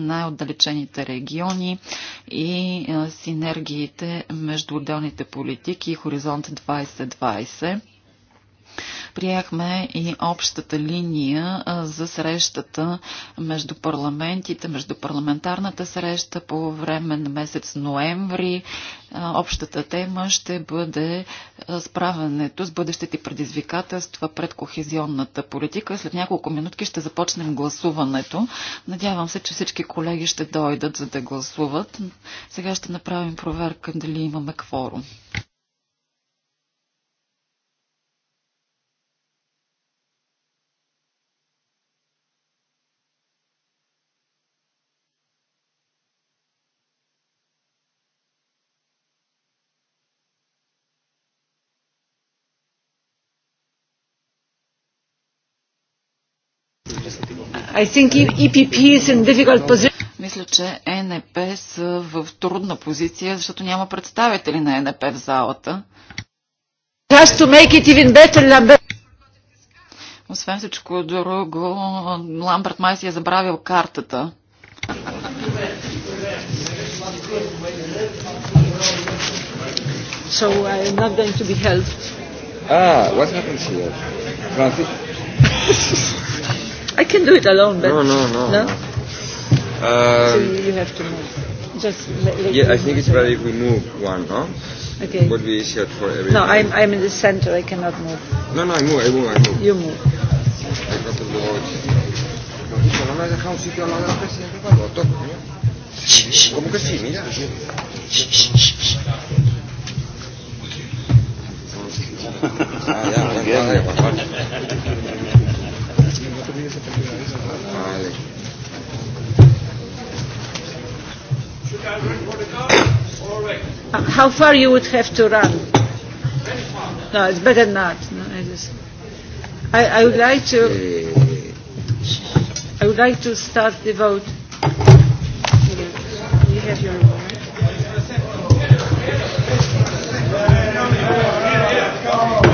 най-отдалечените региони и синергиите между отделните политики и Хоризонт 2020 приехме и общата линия за срещата между парламентите, между парламентарната среща по време на месец ноември. Общата тема ще бъде справянето с бъдещите предизвикателства пред кохезионната политика. След няколко минутки ще започнем гласуването. Надявам се, че всички колеги ще дойдат за да гласуват. Сега ще направим проверка дали имаме кворум. E Мисля, че ЕНП са в трудна позиция, защото няма представители на ЕНП в залата. Освен всичко друго, Ламбърт май си е забравил картата. So uh, I am not going to be helped. Ah, what happens here? Francis? I can do it alone, but. No, no, no. no? Uh, so you have to move. Just let, let yeah, I think it's better if we move one, no? Okay. Would be easier for everyone. No, I'm, I'm in the center. I cannot move. No, no, I move, I move, I move. You move. I got the watch. Solo me has dejado un ya, Riley. Should I run for the car or wait? How far you would have to run? Very far. No, it's better not. No, I just. I, I would like to. I would like to start the vote. You have your vote. Come on.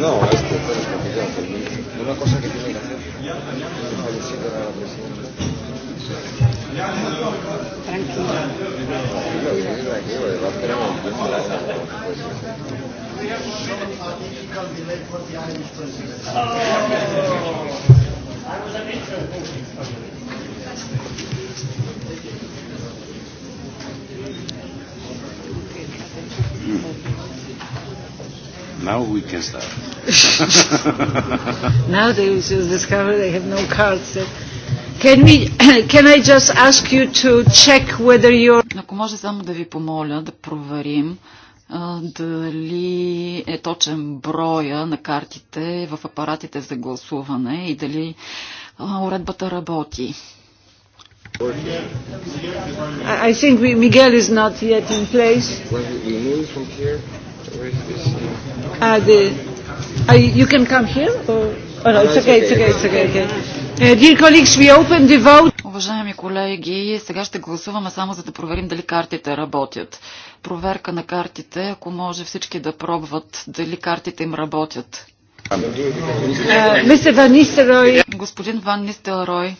no, a este, pero es una cosa que tiene que hacer. Thank you. Now we can start. now they just discover they have no cards. Can, we, can I just ask you to check whether you're... Ако може само да ви помоля да проверим дали е точен броя на картите в апаратите за гласуване и дали уредбата работи. I think Miguel is not yet in place. Uh, the, uh, you can come here? Or, oh, no, it's okay, it's okay, it's okay. okay. Uh, dear colleagues, we open the vote. Уважаеми колеги, сега ще гласуваме само за да проверим дали картите работят. Проверка на картите, ако може всички да пробват дали картите им работят. Uh, Господин Ван Нистелрой.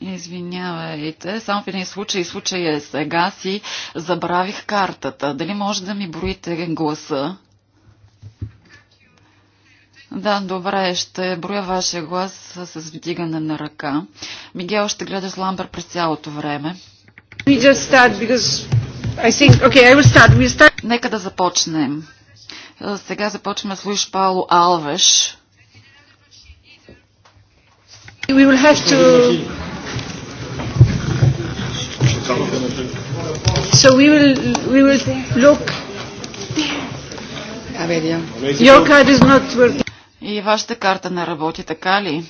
Извинявайте, само в един случай, случай е сега си, забравих картата. Дали може да ми броите гласа? Да, добре, ще броя вашия глас с вдигане на ръка. Мигел ще гледаш ламбър през цялото време. Нека да започнем. Сега започваме с Луиш Пауло Алвеш. We will have to... So we will, we will look. Your card is not working. И вашата карта не работи, така ли?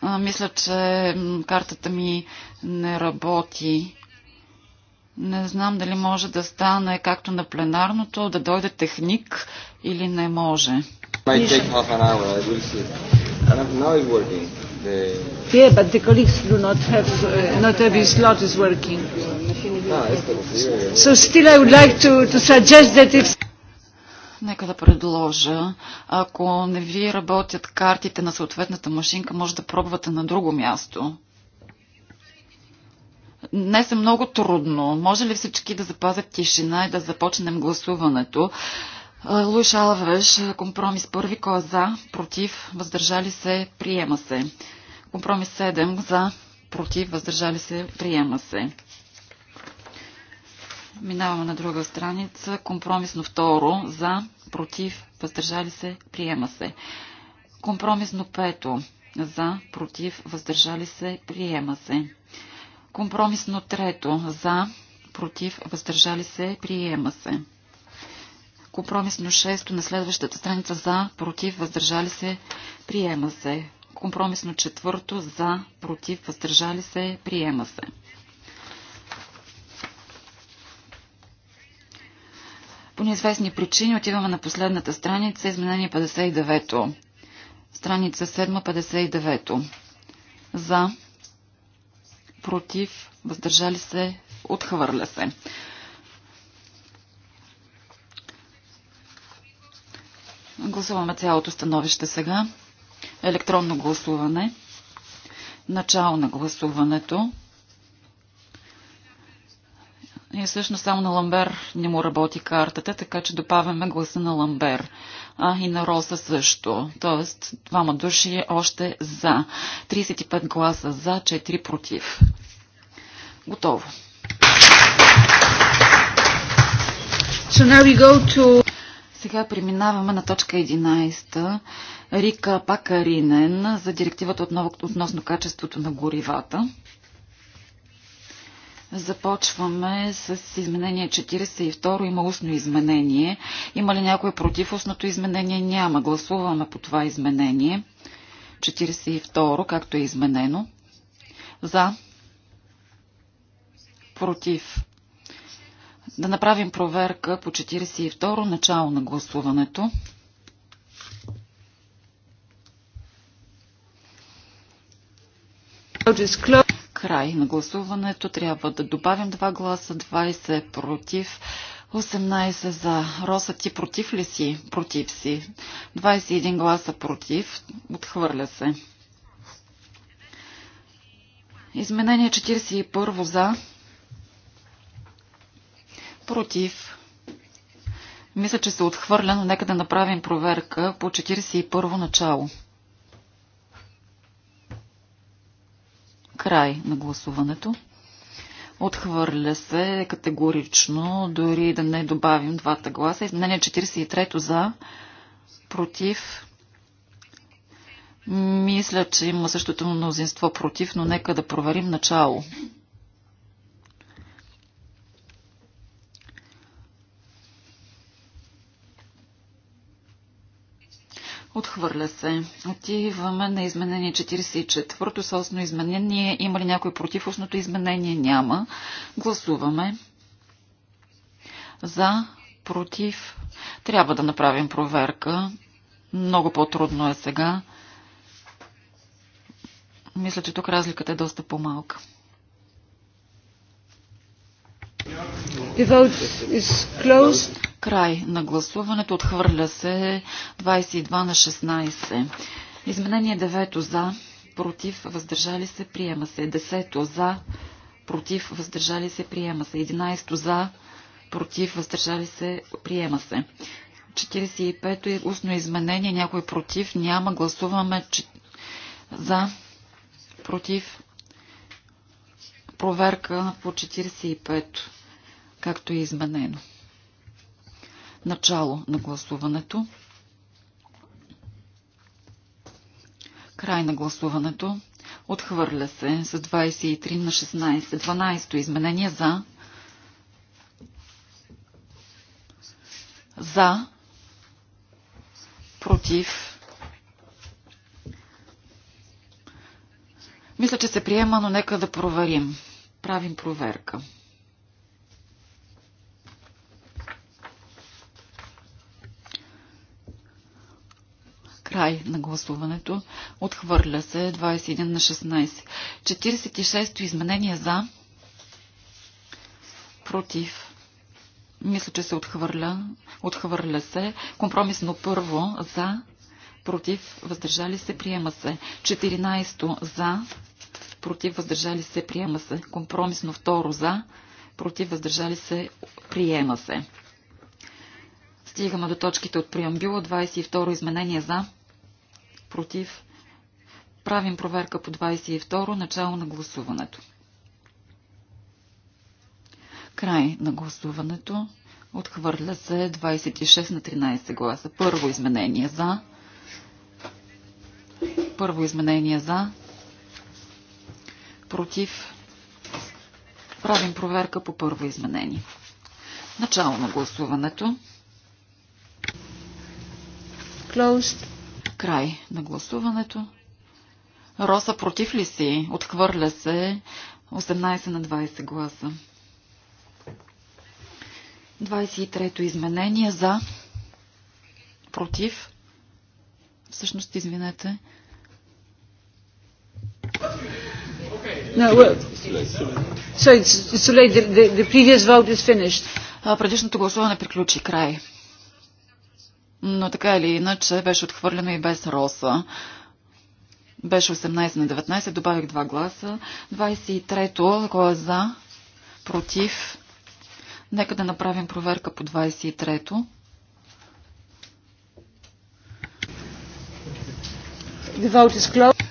А, мисля, че картата ми не работи. Не знам дали може да стане както на пленарното, да дойде техник или не може. Might take half an hour, I will see. And now it's working. The yeah, but the colleagues do not have, uh, not every slot is working. Ah, so still I would like to, to suggest that if... Нека да предложа, ако не ви работят картите на съответната машинка, може да пробвате на друго място. Днес е много трудно. Може ли всички да запазят тишина и да започнем гласуването? Луиш Алавреш, компромис първи, кой е за, против, въздържали се, приема се. Компромис 7, за, против, въздържали се, приема се. Минаваме на друга страница. Компромисно второ, за, против, въздържали се, приема се. Компромисно пето, за, против, въздържали се, приема се. Компромисно трето, за, против, въздържали се, приема се. Компромисно 6 на следващата страница за, против, въздържали се, приема се. Компромисно 4 за, против, въздържали се, приема се. По неизвестни причини отиваме на последната страница, изменение 59-то. Страница 7, 59 За, против, въздържали се, отхвърля се. Гласуваме цялото становище сега. Електронно гласуване. Начало на гласуването. И всъщност само на Ламбер не му работи картата, така че добавяме гласа на Ламбер. А и на Роса също. Тоест, двама души още за. 35 гласа за, 4 против. Готово. So now we go to... Сега преминаваме на точка 11. Рика Пакаринен за директивата отново, относно качеството на горивата. Започваме с изменение 42. Има устно изменение. Има ли някой против устното изменение? Няма. Гласуваме по това изменение. 42, както е изменено. За. Против да направим проверка по 42-ро начало на гласуването. Край на гласуването трябва да добавим 2 гласа, 20 е против, 18 за. Роса, ти против ли си? Против си. 21 гласа против. Отхвърля се. Изменение 41 за Против. Мисля, че се отхвърля, но нека да направим проверка по 41-во начало. Край на гласуването. Отхвърля се категорично, дори да не добавим двата гласа. Изменение 43-то за, против. Мисля, че има същото мнозинство против, но нека да проверим начало. Отхвърля се. Отиваме на изменение 44-то с осно изменение. Има ли някой против устното изменение? Няма. Гласуваме. За, против. Трябва да направим проверка. Много по-трудно е сега. Мисля, че тук разликата е доста по-малка. The vote is closed. Край на гласуването. Отхвърля се 22 на 16. Изменение 9 за, против, въздържали се, приема се. 10 за, против, въздържали се, приема се. 11 за, против, въздържали се, приема се. 45-то е устно изменение, някой е против, няма, гласуваме че... за, против, проверка по 45-то, както е изменено. Начало на гласуването. Край на гласуването. Отхвърля се с 23 на 16. 12 изменение за. За. Против. Мисля, че се приема, но нека да проверим. Правим проверка. Край на гласуването. Отхвърля се 21 на 16. 46-то изменение за. Против. Мисля, че се отхвърля. Отхвърля се. Компромисно първо за. Против. Въздържали се. Приема се. 14 за. Против. Въздържали се. Приема се. Компромисно второ за. Против. Въздържали се. Приема се. Стигаме до точките от преамбюла. 22 изменение за против. Правим проверка по 22, начало на гласуването. Край на гласуването. Отхвърля се 26 на 13 гласа. Първо изменение за. Първо изменение за. Против. Правим проверка по първо изменение. Начало на гласуването. Closed. Край на гласуването. Роса против ли си? Отхвърля се 18 на 20 гласа. 23-то изменение за против. Всъщност, извинете. No, well, it's, it's late. The, the previous vote is finished. Предишното гласуване приключи край но така или иначе беше отхвърлено и без Роса. Беше 18 на 19, добавих 2 гласа. 23-то, ако е за, против. Нека да направим проверка по 23-то.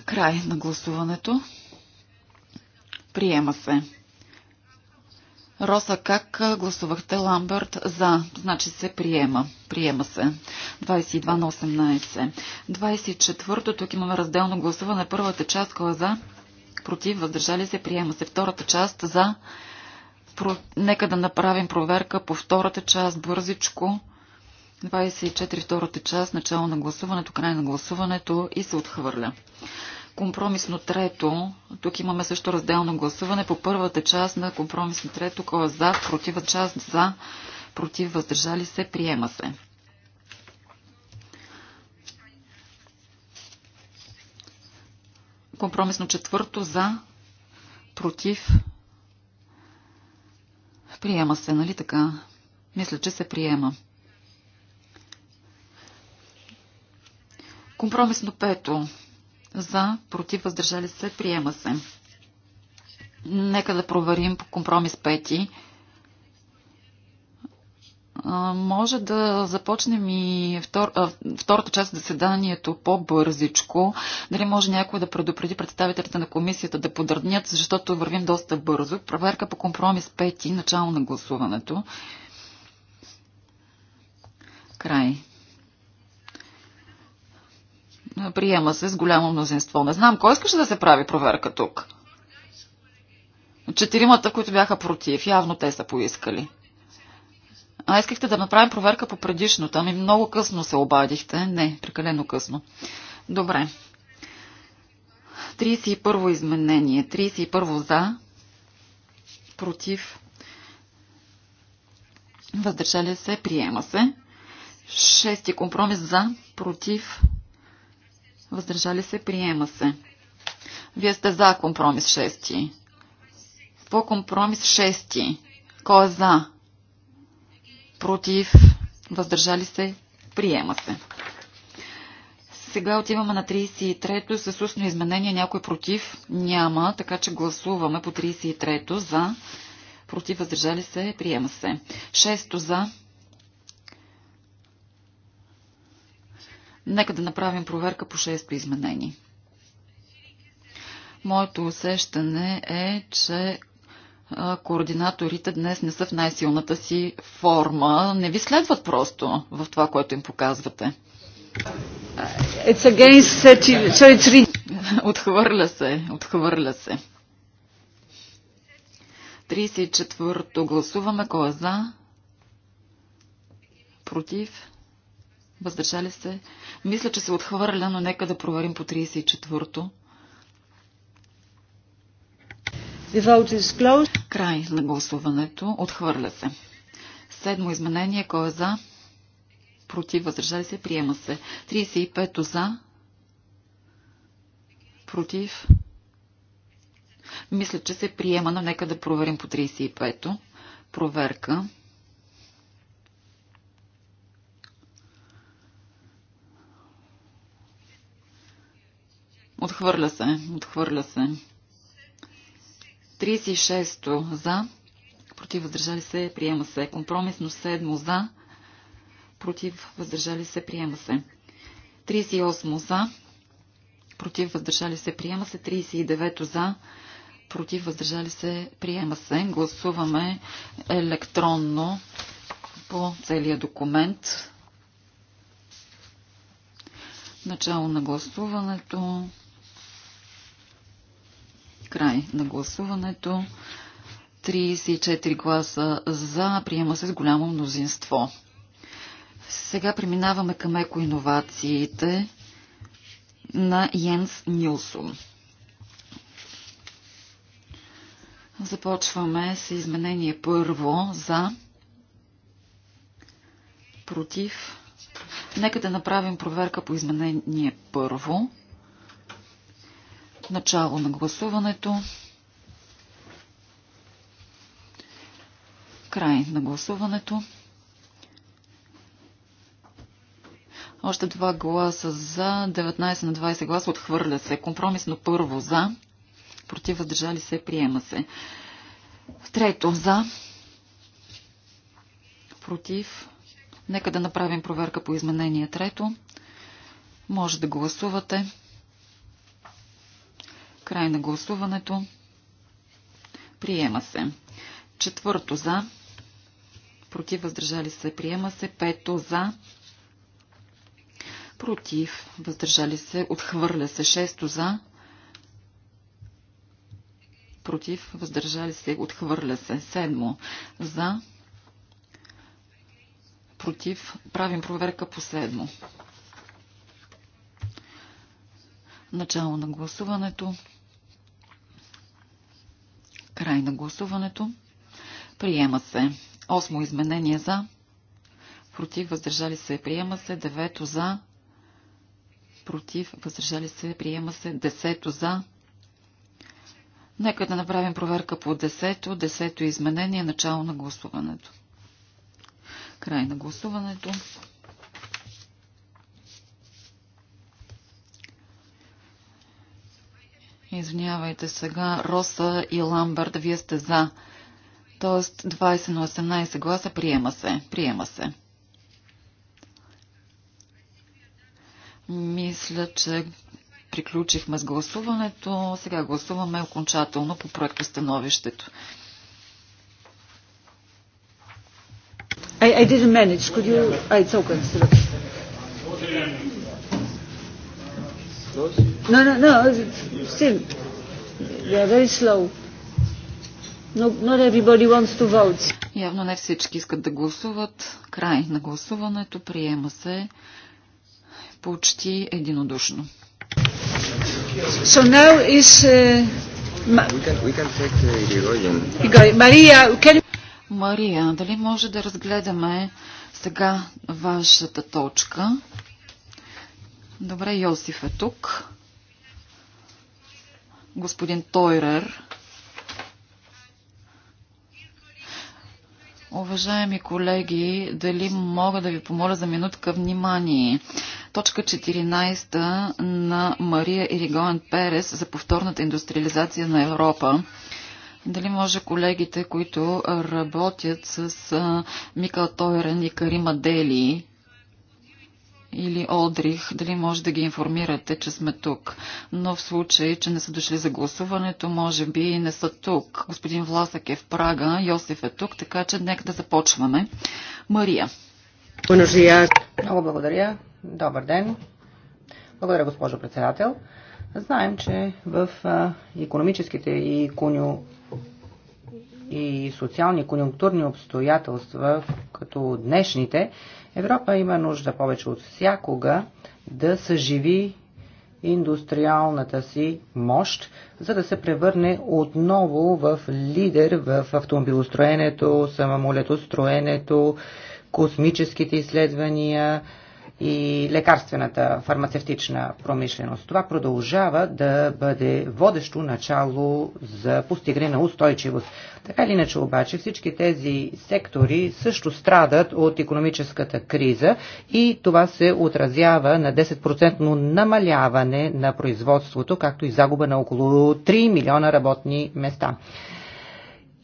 Край на гласуването. Приема се. Роса, как гласувахте Ламбърт за? Значи се приема. Приема се. 22 на 18. 24-то, тук имаме разделно гласуване. Първата част, кой е за? Против, въздържали се, приема се. Втората част за. Про... Нека да направим проверка по втората част, бързичко. 24 втората част, начало на гласуването, край на гласуването и се отхвърля. Компромисно трето. Тук имаме също разделно гласуване по първата част на компромисно трето. Кой е за, протива част за, против, въздържали се, приема се. Компромисно четвърто за, против, приема се, нали така? Мисля, че се приема. Компромисно пето за, против, въздържали се, приема се. Нека да проверим по компромис Пети. Може да започнем и втор, а, втората част от заседанието по-бързичко. Дали може някой да предупреди представителите на комисията да подърнят, защото вървим доста бързо. Проверка по компромис 5, начало на гласуването. Край. Приема се с голямо мнозинство. Не знам, кой искаше да се прави проверка тук? Четиримата, които бяха против, явно те са поискали. А искахте да направим проверка по предишното. Ами много късно се обадихте. Не, прекалено късно. Добре. 31 изменение. 31 за. Против. Въздържали се. Приема се. Шести компромис за. Против. Въздържали се, приема се. Вие сте за компромис 6. По компромис 6. Кой е за? Против? Въздържали се? Приема се. Сега отиваме на 33-то с устно изменение. Някой против? Няма. Така че гласуваме по 33-то за. Против? Въздържали се? Приема се. 6 за. Нека да направим проверка по 6 изменени. Моето усещане е, че координаторите днес не са в най-силната си форма. Не ви следват просто в това, което им показвате. It's against, so it's отхвърля се, отхвърля се. 34-то гласуваме. Кой е за? Против? Въздържали се? Мисля, че се отхвърля, но нека да проверим по 34-то. Край на гласуването. Отхвърля се. Седмо изменение. Кой е за? Против. Въздържали се? Приема се. 35-то за. Против. Мисля, че се приема, но нека да проверим по 35-то. Проверка. Отхвърля се. Отхвърля се. 36 за. Против въздържали се. Приема се. Компромисно 7 за. Против въздържали се. Приема се. 38 за. Против въздържали се. Приема се. 39 за. Против въздържали се. Приема се. Гласуваме електронно по целия документ. Начало на гласуването. Край на гласуването. 34 гласа за. Приема се с голямо мнозинство. Сега преминаваме към екоинновациите на Йенс Нилсон. Започваме с изменение първо за против. Нека да направим проверка по изменение първо. Начало на гласуването. Край на гласуването. Още два гласа за, 19 на 20 гласа отхвърля се. Компромисно първо за, против въздържали се, приема се. Трето за, против. Нека да направим проверка по изменение трето. Може да гласувате. Край на гласуването. Приема се. Четвърто за. Против въздържали се. Приема се. Пето за. Против въздържали се. Отхвърля се. Шесто за. Против въздържали се. Отхвърля се. Седмо за. Против. Правим проверка по седмо. Начало на гласуването. Край на гласуването. Приема се. Осмо изменение за. Против въздържали се. Приема се. Девето за. Против въздържали се. Приема се. Десето за. Нека да направим проверка по десето. Десето изменение. Начало на гласуването. Край на гласуването. Извинявайте сега, Роса и Ламбард, вие сте за. Тоест 20 на 18 гласа приема се. Приема се. Мисля, че приключихме с гласуването. Сега гласуваме окончателно по проекта становището. I, I didn't manage. Could you... Ah, it's open. It's No, no, no, still, they are very slow. No, not everybody wants to vote. Явно не всички искат да гласуват. Край на гласуването приема се почти единодушно. So now is, uh, we can, we can uh, Maria, can... Мария, дали може да разгледаме сега вашата точка? Добре, Йосиф е тук господин Тойрер. Уважаеми колеги, дали мога да ви помоля за минутка внимание? Точка 14 на Мария Иригоен Перес за повторната индустриализация на Европа. Дали може колегите, които работят с Микал Тойрен и Карима Дели, или Олдрих, дали може да ги информирате, че сме тук. Но в случай, че не са дошли за гласуването, може би не са тук. Господин Власък е в Прага, Йосиф е тук, така че нека да започваме. Мария. Много благодаря. Добър ден. Благодаря, госпожо председател. Знаем, че в економическите и коню и социални конъюнктурни обстоятелства, като днешните, Европа има нужда повече от всякога да съживи индустриалната си мощ, за да се превърне отново в лидер в автомобилостроенето, самолетостроенето, космическите изследвания, и лекарствената фармацевтична промишленост. Това продължава да бъде водещо начало за постигане на устойчивост. Така или иначе обаче всички тези сектори също страдат от економическата криза и това се отразява на 10% намаляване на производството, както и загуба на около 3 милиона работни места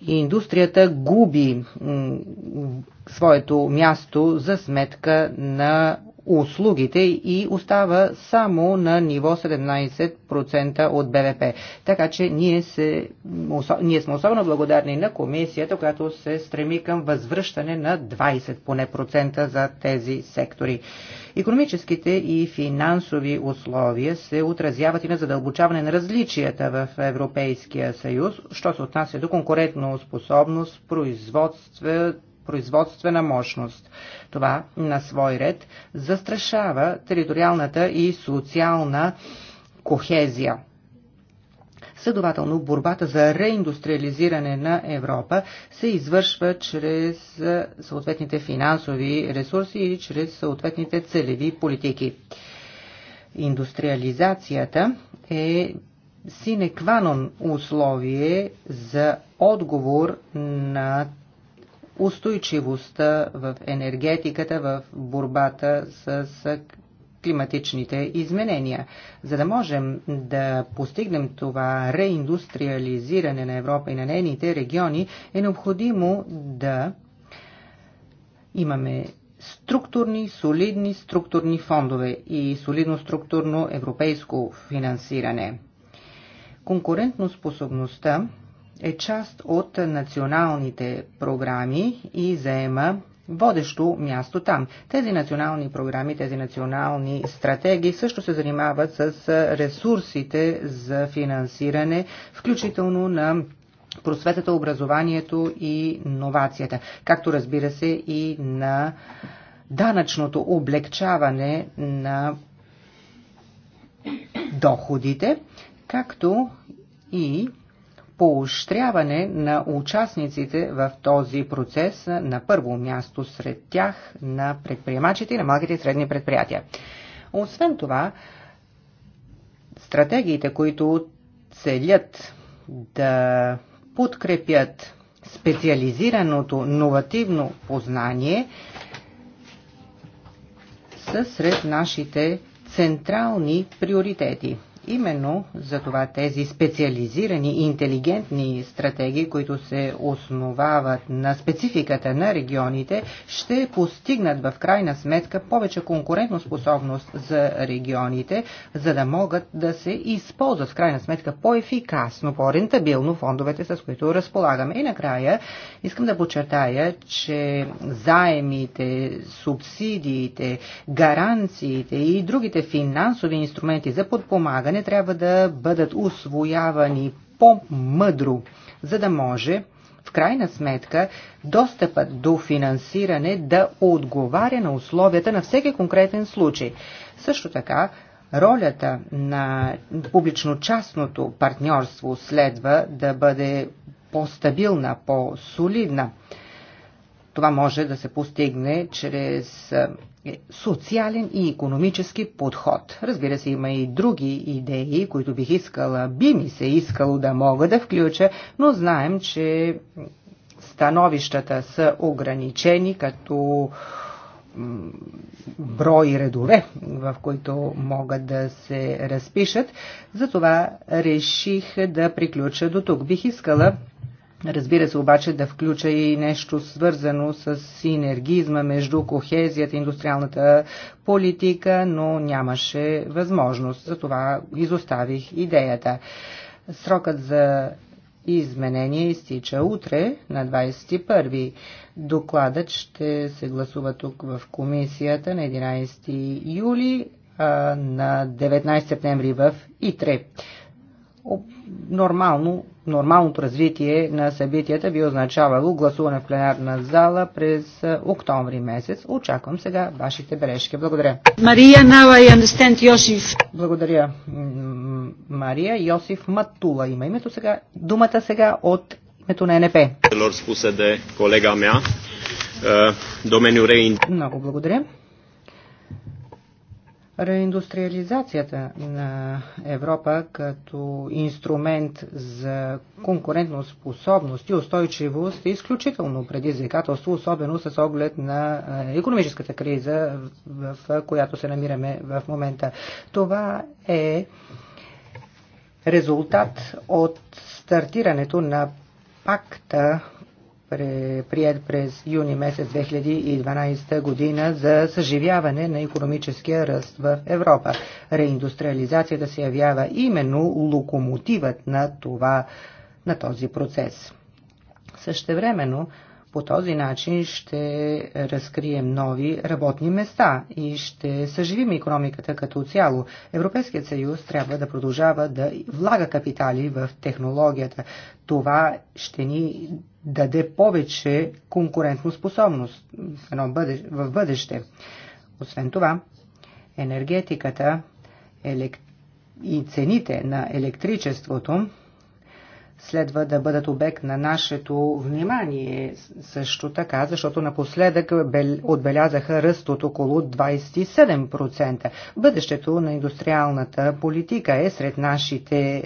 и индустрията губи своето място за сметка на услугите и остава само на ниво 17% от БВП. Така че ние, се, ние сме особено благодарни на комисията, която се стреми към възвръщане на 20 поне процента за тези сектори. Економическите и финансови условия се отразяват и на задълбочаване на различията в Европейския съюз, що се отнася до конкурентно способност, производство, производствена мощност. Това на свой ред застрашава териториалната и социална кохезия. Следователно, борбата за реиндустриализиране на Европа се извършва чрез съответните финансови ресурси и чрез съответните целеви политики. Индустриализацията е синекванон условие за отговор на устойчивостта в енергетиката, в борбата с климатичните изменения. За да можем да постигнем това реиндустриализиране на Европа и на нейните региони, е необходимо да имаме структурни, солидни структурни фондове и солидно-структурно европейско финансиране. Конкурентно способността е част от националните програми и заема водещо място там. Тези национални програми, тези национални стратегии също се занимават с ресурсите за финансиране, включително на просветата, образованието и новацията, както разбира се и на данъчното облегчаване на доходите, както и поощряване на участниците в този процес на първо място сред тях на предприемачите и на малките и средни предприятия. Освен това, стратегиите, които целят да подкрепят специализираното новативно познание, са сред нашите централни приоритети. Именно за това тези специализирани, и интелигентни стратегии, които се основават на спецификата на регионите, ще постигнат в крайна сметка повече конкурентоспособност за регионите, за да могат да се използват в крайна сметка по-ефикасно, по-рентабилно фондовете, с които разполагаме. И накрая искам да подчертая, че заемите, субсидиите, гаранциите и другите финансови инструменти за подпомагане финансиране трябва да бъдат освоявани по-мъдро, за да може в крайна сметка достъпът до финансиране да отговаря на условията на всеки конкретен случай. Също така, ролята на публично-частното партньорство следва да бъде по-стабилна, по-солидна. Това може да се постигне чрез е социален и економически подход. Разбира се, има и други идеи, които бих искала, би ми се искало да мога да включа, но знаем, че становищата са ограничени като брой редове, в които могат да се разпишат. Затова реших да приключа до тук. Бих искала Разбира се обаче да включа и нещо свързано с синергизма между кохезията и индустриалната политика, но нямаше възможност. Затова изоставих идеята. Срокът за изменение изтича утре на 21. Докладът ще се гласува тук в комисията на 11 юли, а на 19 септември в ИТРЕ нормално, нормалното развитие на събитията би означавало гласуване в пленарна зала през октомври месец. Очаквам сега вашите бележки. Благодаря. Мария, now I understand Йосиф. Благодаря. Мария Йосиф Матула има името сега. Думата сега от името на НП. Е, Много благодаря. Реиндустриализацията на Европа като инструмент за конкурентоспособност и устойчивост е изключително предизвикателство, особено с оглед на е, економическата криза, в която се намираме в момента. Това е резултат от стартирането на пакта прият през юни месец 2012 година за съживяване на економическия ръст в Европа. Реиндустриализацията се явява именно локомотивът на, това, на този процес. Същевременно, по този начин ще разкрием нови работни места и ще съживим економиката като цяло. Европейският съюз трябва да продължава да влага капитали в технологията. Това ще ни даде повече конкурентоспособност в бъдеще. Освен това, енергетиката елект... и цените на електричеството следва да бъдат обект на нашето внимание също така, защото напоследък отбелязаха ръст от около 27%. Бъдещето на индустриалната политика е сред нашите е,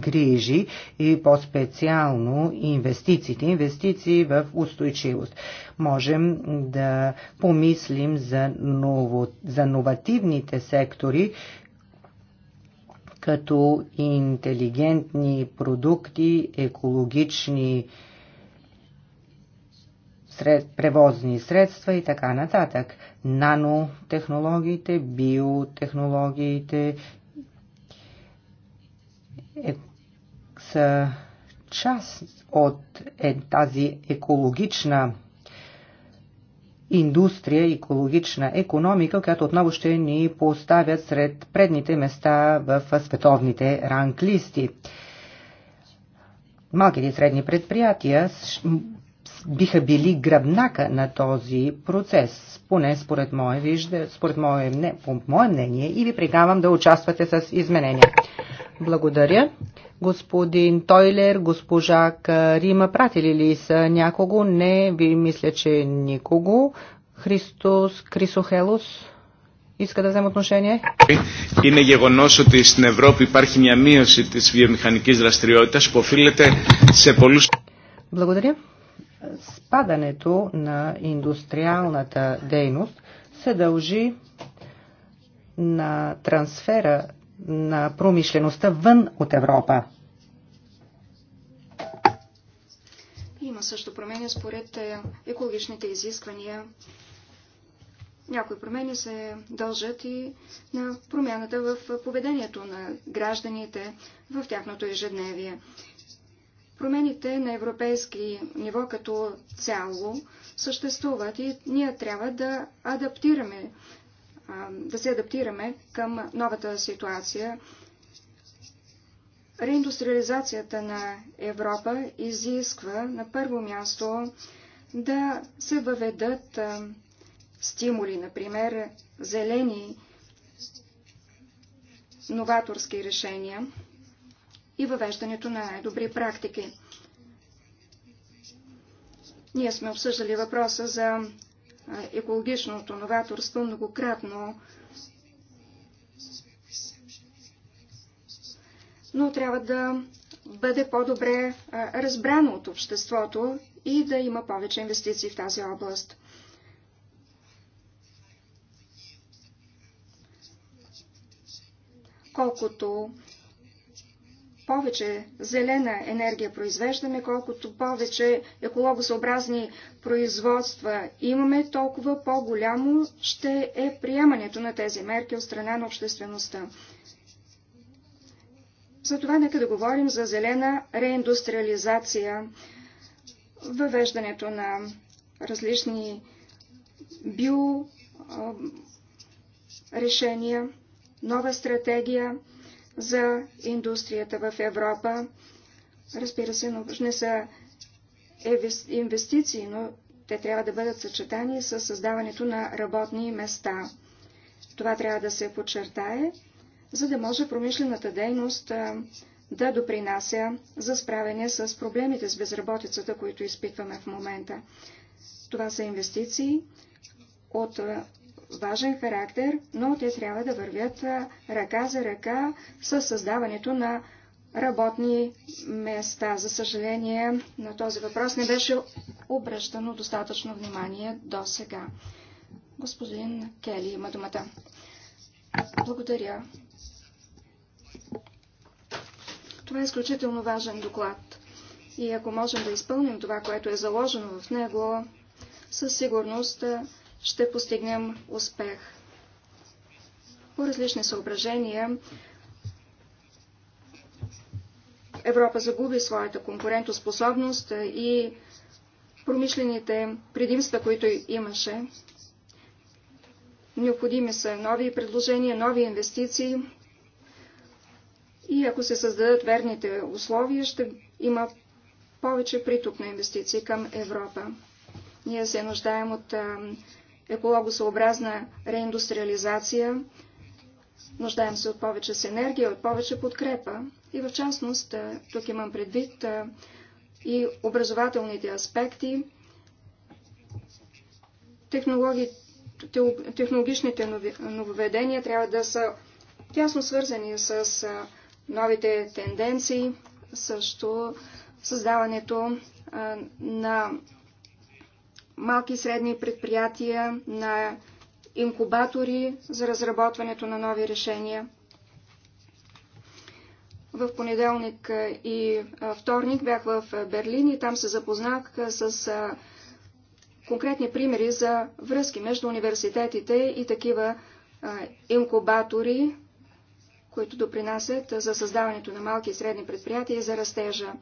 грижи и по-специално инвестициите, инвестиции в устойчивост. Можем да помислим за, ново, за новативните сектори, като интелигентни продукти, екологични сред, превозни средства и така нататък. Нанотехнологиите, биотехнологиите е, са част от е, тази екологична индустрия, екологична економика, която отново ще ни поставят сред предните места в световните ранглисти. Малките и средни предприятия биха били гръбнака на този процес, поне според мое, вижда, според мое, не, по мое мнение и ви приканвам да участвате с изменения. Благодаря господин Тойлер, госпожа Карима, пратили ли са някого? Не, ви мисля, че никого. Христос Крисохелос. Иска да вземе отношение. Είναι γεγονό ότι στην Ευρώπη υπάρχει μια μείωση τη βιομηχανική δραστηριότητα που οφείλεται σε πολλού. Благодаря. Спадането на индустриалната дейност се дължи на трансфера на промишлеността вън от Европа. Има също промени според е, екологичните изисквания. Някои промени се дължат и на промяната в поведението на гражданите в тяхното ежедневие. Промените на европейски ниво като цяло съществуват и ние трябва да адаптираме да се адаптираме към новата ситуация. Реиндустриализацията на Европа изисква на първо място да се въведат стимули, например зелени новаторски решения и въвеждането на най-добри практики. Ние сме обсъждали въпроса за екологичното новаторство многократно. Но трябва да бъде по-добре разбрано от обществото и да има повече инвестиции в тази област. Колкото повече зелена енергия произвеждаме, колкото повече екологосъобразни производства имаме, толкова по-голямо ще е приемането на тези мерки от страна на обществеността. Затова нека да говорим за зелена реиндустриализация, въвеждането на различни биорешения, нова стратегия, за индустрията в Европа. Разбира се, не са инвестиции, но те трябва да бъдат съчетани с създаването на работни места. Това трябва да се подчертае, за да може промишлената дейност да допринася за справяне с проблемите с безработицата, които изпитваме в момента. Това са инвестиции от важен характер, но те трябва да вървят ръка за ръка с създаването на работни места. За съжаление, на този въпрос не беше обръщано достатъчно внимание до сега. Господин Кели има думата. Благодаря. Това е изключително важен доклад. И ако можем да изпълним това, което е заложено в него, със сигурност ще постигнем успех. По различни съображения Европа загуби своята конкурентоспособност и промишлените предимства, които имаше. Необходими са нови предложения, нови инвестиции и ако се създадат верните условия, ще има повече приток на инвестиции към Европа. Ние се нуждаем от а, екологосъобразна реиндустриализация. Нуждаем се от повече с енергия, от повече подкрепа. И в частност, тук имам предвид и образователните аспекти, технологичните нововедения трябва да са тясно свързани с новите тенденции, също създаването на малки и средни предприятия, на инкубатори за разработването на нови решения. В понеделник и вторник бях в Берлин и там се запознах с конкретни примери за връзки между университетите и такива инкубатори, които допринасят за създаването на малки и средни предприятия и за растежа.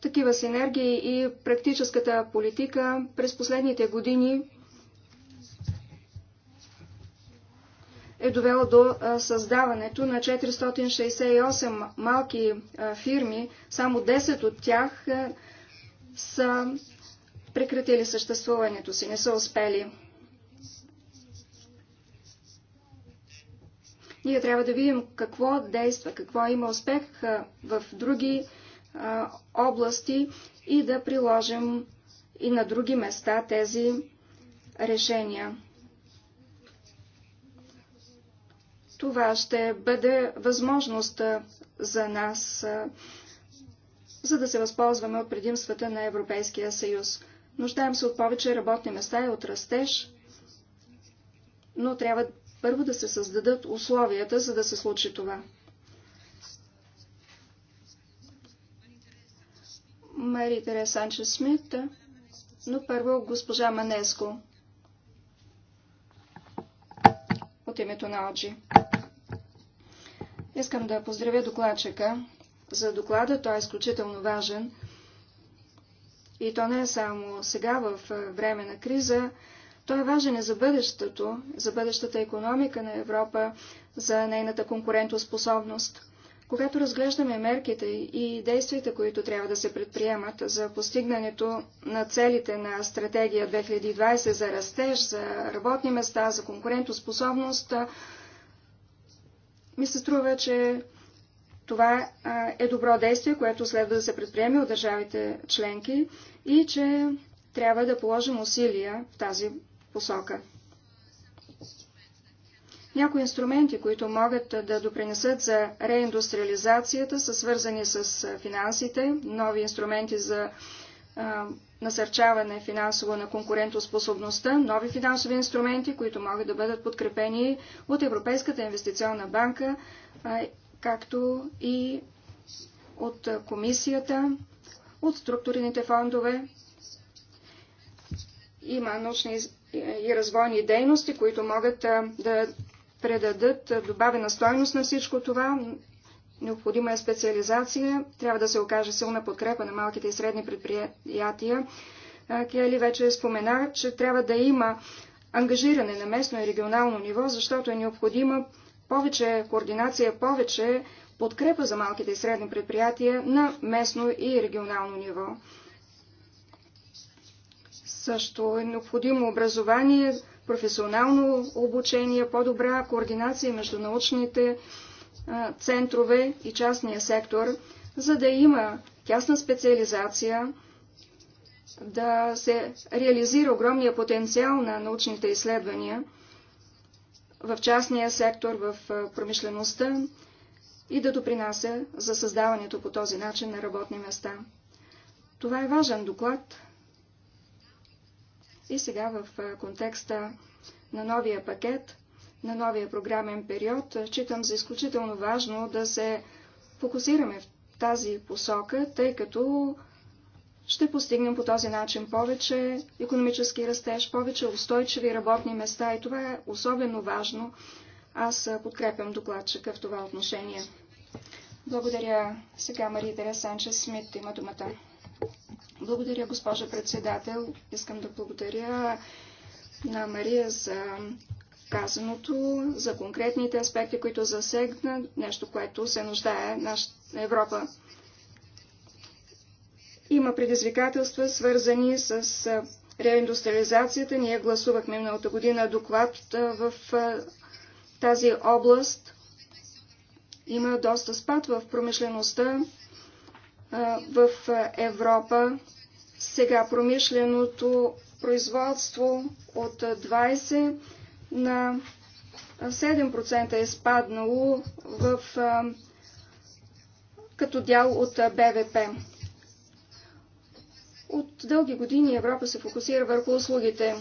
Такива синергии и практическата политика през последните години е довела до създаването на 468 малки фирми. Само 10 от тях са прекратили съществуването си, не са успели. Ние трябва да видим какво действа, какво има успех в други области и да приложим и на други места тези решения. Това ще бъде възможност за нас, за да се възползваме от предимствата на Европейския съюз. Нуждаем се от повече работни места и от растеж, но трябва първо да се създадат условията, за да се случи това. Мария Терес Санчес Смит, но първо госпожа Манеско от името на Оджи. Искам да поздравя докладчика за доклада. Той е изключително важен. И то не е само сега в време на криза. Той е важен и за бъдещето, за бъдещата економика на Европа, за нейната конкурентоспособност. Когато разглеждаме мерките и действията, които трябва да се предприемат за постигнането на целите на стратегия 2020 за растеж, за работни места, за конкурентоспособност, ми се струва, че това е добро действие, което следва да се предприеме от държавите членки и че трябва да положим усилия в тази посока. Някои инструменти, които могат да допринесат за реиндустриализацията, са свързани с финансите, нови инструменти за а, насърчаване финансово на конкурентоспособността, нови финансови инструменти, които могат да бъдат подкрепени от Европейската инвестиционна банка, а, както и от комисията, от структурните фондове. Има научни и развойни дейности, които могат да предадат добавена стойност на всичко това. Необходима е специализация, трябва да се окаже силна подкрепа на малките и средни предприятия. Кели вече спомена, че трябва да има ангажиране на местно и регионално ниво, защото е необходима повече координация, повече подкрепа за малките и средни предприятия на местно и регионално ниво. Също е необходимо образование професионално обучение, по-добра координация между научните центрове и частния сектор, за да има тясна специализация, да се реализира огромния потенциал на научните изследвания в частния сектор, в промишлеността и да допринася за създаването по този начин на работни места. Това е важен доклад, и сега в контекста на новия пакет, на новия програмен период, читам за изключително важно да се фокусираме в тази посока, тъй като ще постигнем по този начин повече економически растеж, повече устойчиви работни места и това е особено важно. Аз подкрепям докладчика в това отношение. Благодаря. Сега Мария Тереса Санчес Смит има думата. Благодаря, госпожа председател. Искам да благодаря на Мария за казаното, за конкретните аспекти, които засегна, нещо, което се нуждае на Европа. Има предизвикателства, свързани с реиндустриализацията. Ние гласувахме миналата година доклад в тази област. Има доста спад в промишлеността, в Европа. Сега промишленото производство от 20 на 7% е спаднало в, като дял от БВП. От дълги години Европа се фокусира върху услугите.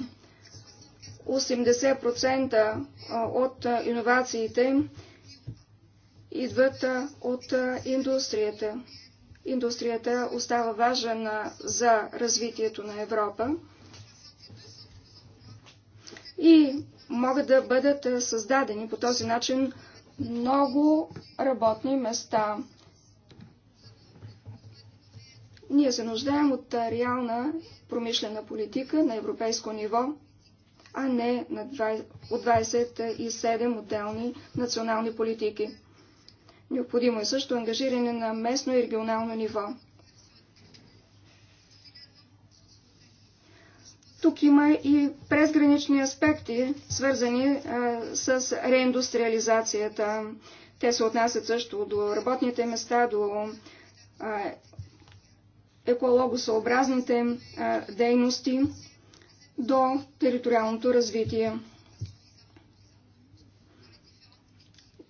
80% от иновациите идват от индустрията. Индустрията остава важна за развитието на Европа и могат да бъдат създадени по този начин много работни места. Ние се нуждаем от реална промишлена политика на европейско ниво, а не на от 27 отделни национални политики. Необходимо е също ангажиране на местно и регионално ниво. Тук има и презгранични аспекти, свързани а, с реиндустриализацията. Те се отнасят също до работните места, до а, екологосъобразните а, дейности, до териториалното развитие.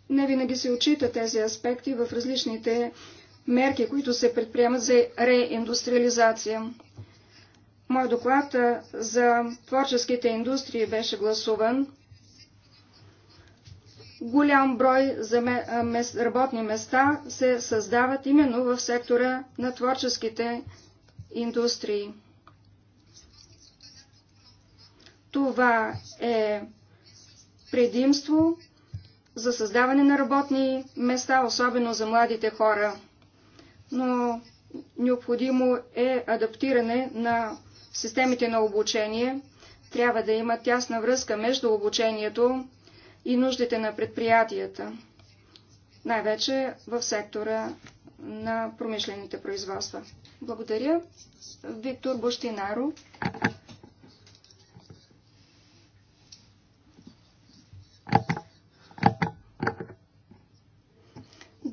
Не винаги се отчита тези аспекти в различните мерки, които се предприемат за реиндустриализация. Мой доклад за творческите индустрии беше гласуван. Голям брой за работни места се създават именно в сектора на творческите индустрии. Това е предимство за създаване на работни места, особено за младите хора. Но необходимо е адаптиране на системите на обучение. Трябва да има тясна връзка между обучението и нуждите на предприятията, най-вече в сектора на промишлените производства. Благодаря. Виктор Бощинаро.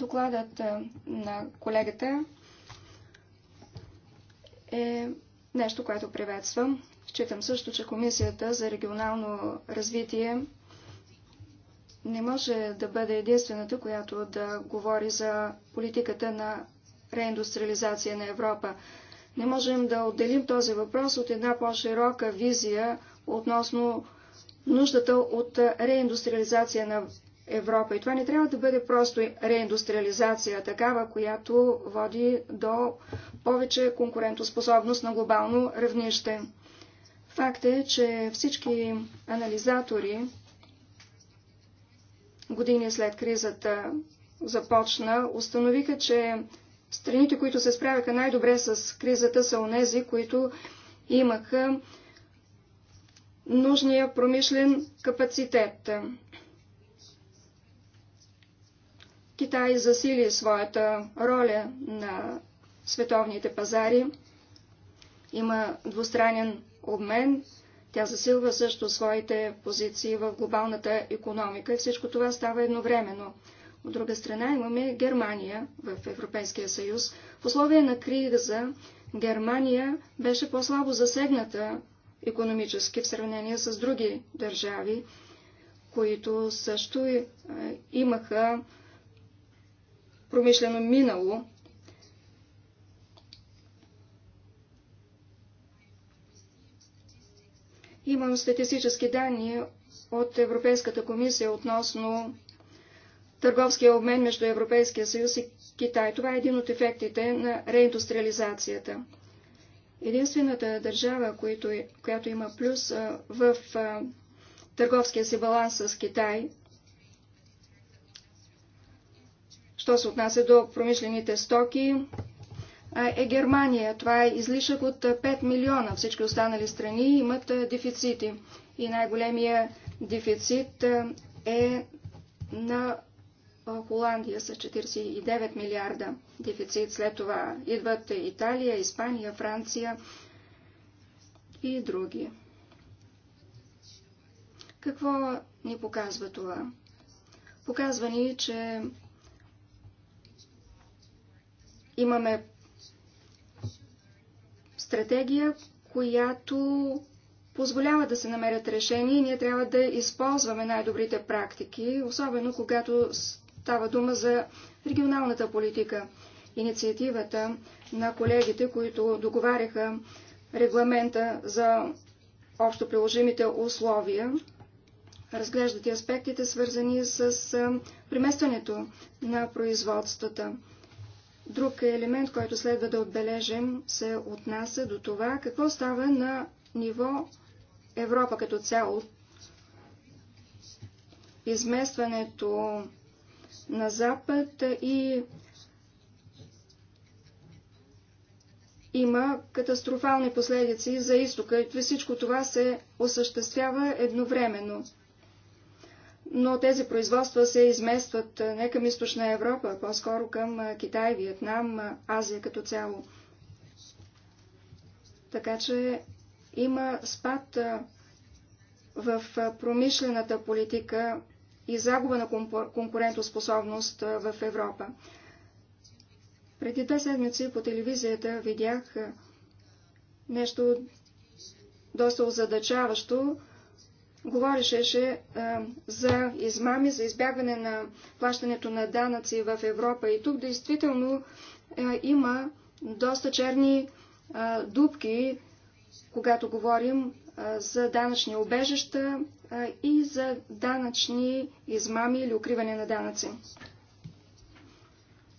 Докладът на колегата е нещо, което приветствам. Считам също, че Комисията за регионално развитие не може да бъде единствената, която да говори за политиката на реиндустриализация на Европа. Не можем да отделим този въпрос от една по-широка визия относно нуждата от реиндустриализация на Европа. И това не трябва да бъде просто реиндустриализация, такава, която води до повече конкурентоспособност на глобално равнище. Факт е, че всички анализатори години след кризата започна, установиха, че страните, които се справяха най-добре с кризата, са онези, които имаха нужния промишлен капацитет. Китай засили своята роля на световните пазари. Има двустранен обмен. Тя засилва също своите позиции в глобалната економика и всичко това става едновременно. От друга страна имаме Германия в Европейския съюз. В условия на криза Германия беше по-слабо засегната економически в сравнение с други държави, които също е, имаха промишлено минало. Имам статистически данни от Европейската комисия относно търговския обмен между Европейския съюз и Китай. Това е един от ефектите на реиндустриализацията. Единствената държава, която има плюс в търговския си баланс с Китай, Що се отнася до промишлените стоки, е Германия. Това е излишък от 5 милиона. Всички останали страни имат дефицити. И най-големия дефицит е на Холандия с 49 милиарда дефицит. След това идват Италия, Испания, Франция и други. Какво ни показва това? Показва ни, че Имаме стратегия, която позволява да се намерят решения и ние трябва да използваме най-добрите практики, особено когато става дума за регионалната политика. Инициативата на колегите, които договаряха регламента за общо приложимите условия, разглеждат и аспектите, свързани с преместването на производствата. Друг елемент, който следва да отбележим, се отнася до това какво става на ниво Европа като цяло. Изместването на Запад и има катастрофални последици за изтока и всичко това се осъществява едновременно но тези производства се изместват не към източна Европа, а по-скоро към Китай, Виетнам, Азия като цяло. Така че има спад в промишлената политика и загуба на конкурентоспособност в Европа. Преди две седмици по телевизията видях нещо доста озадачаващо говореше за измами, за избягване на плащането на данъци в Европа. И тук действително има доста черни дубки, когато говорим за данъчни обежища и за данъчни измами или укриване на данъци.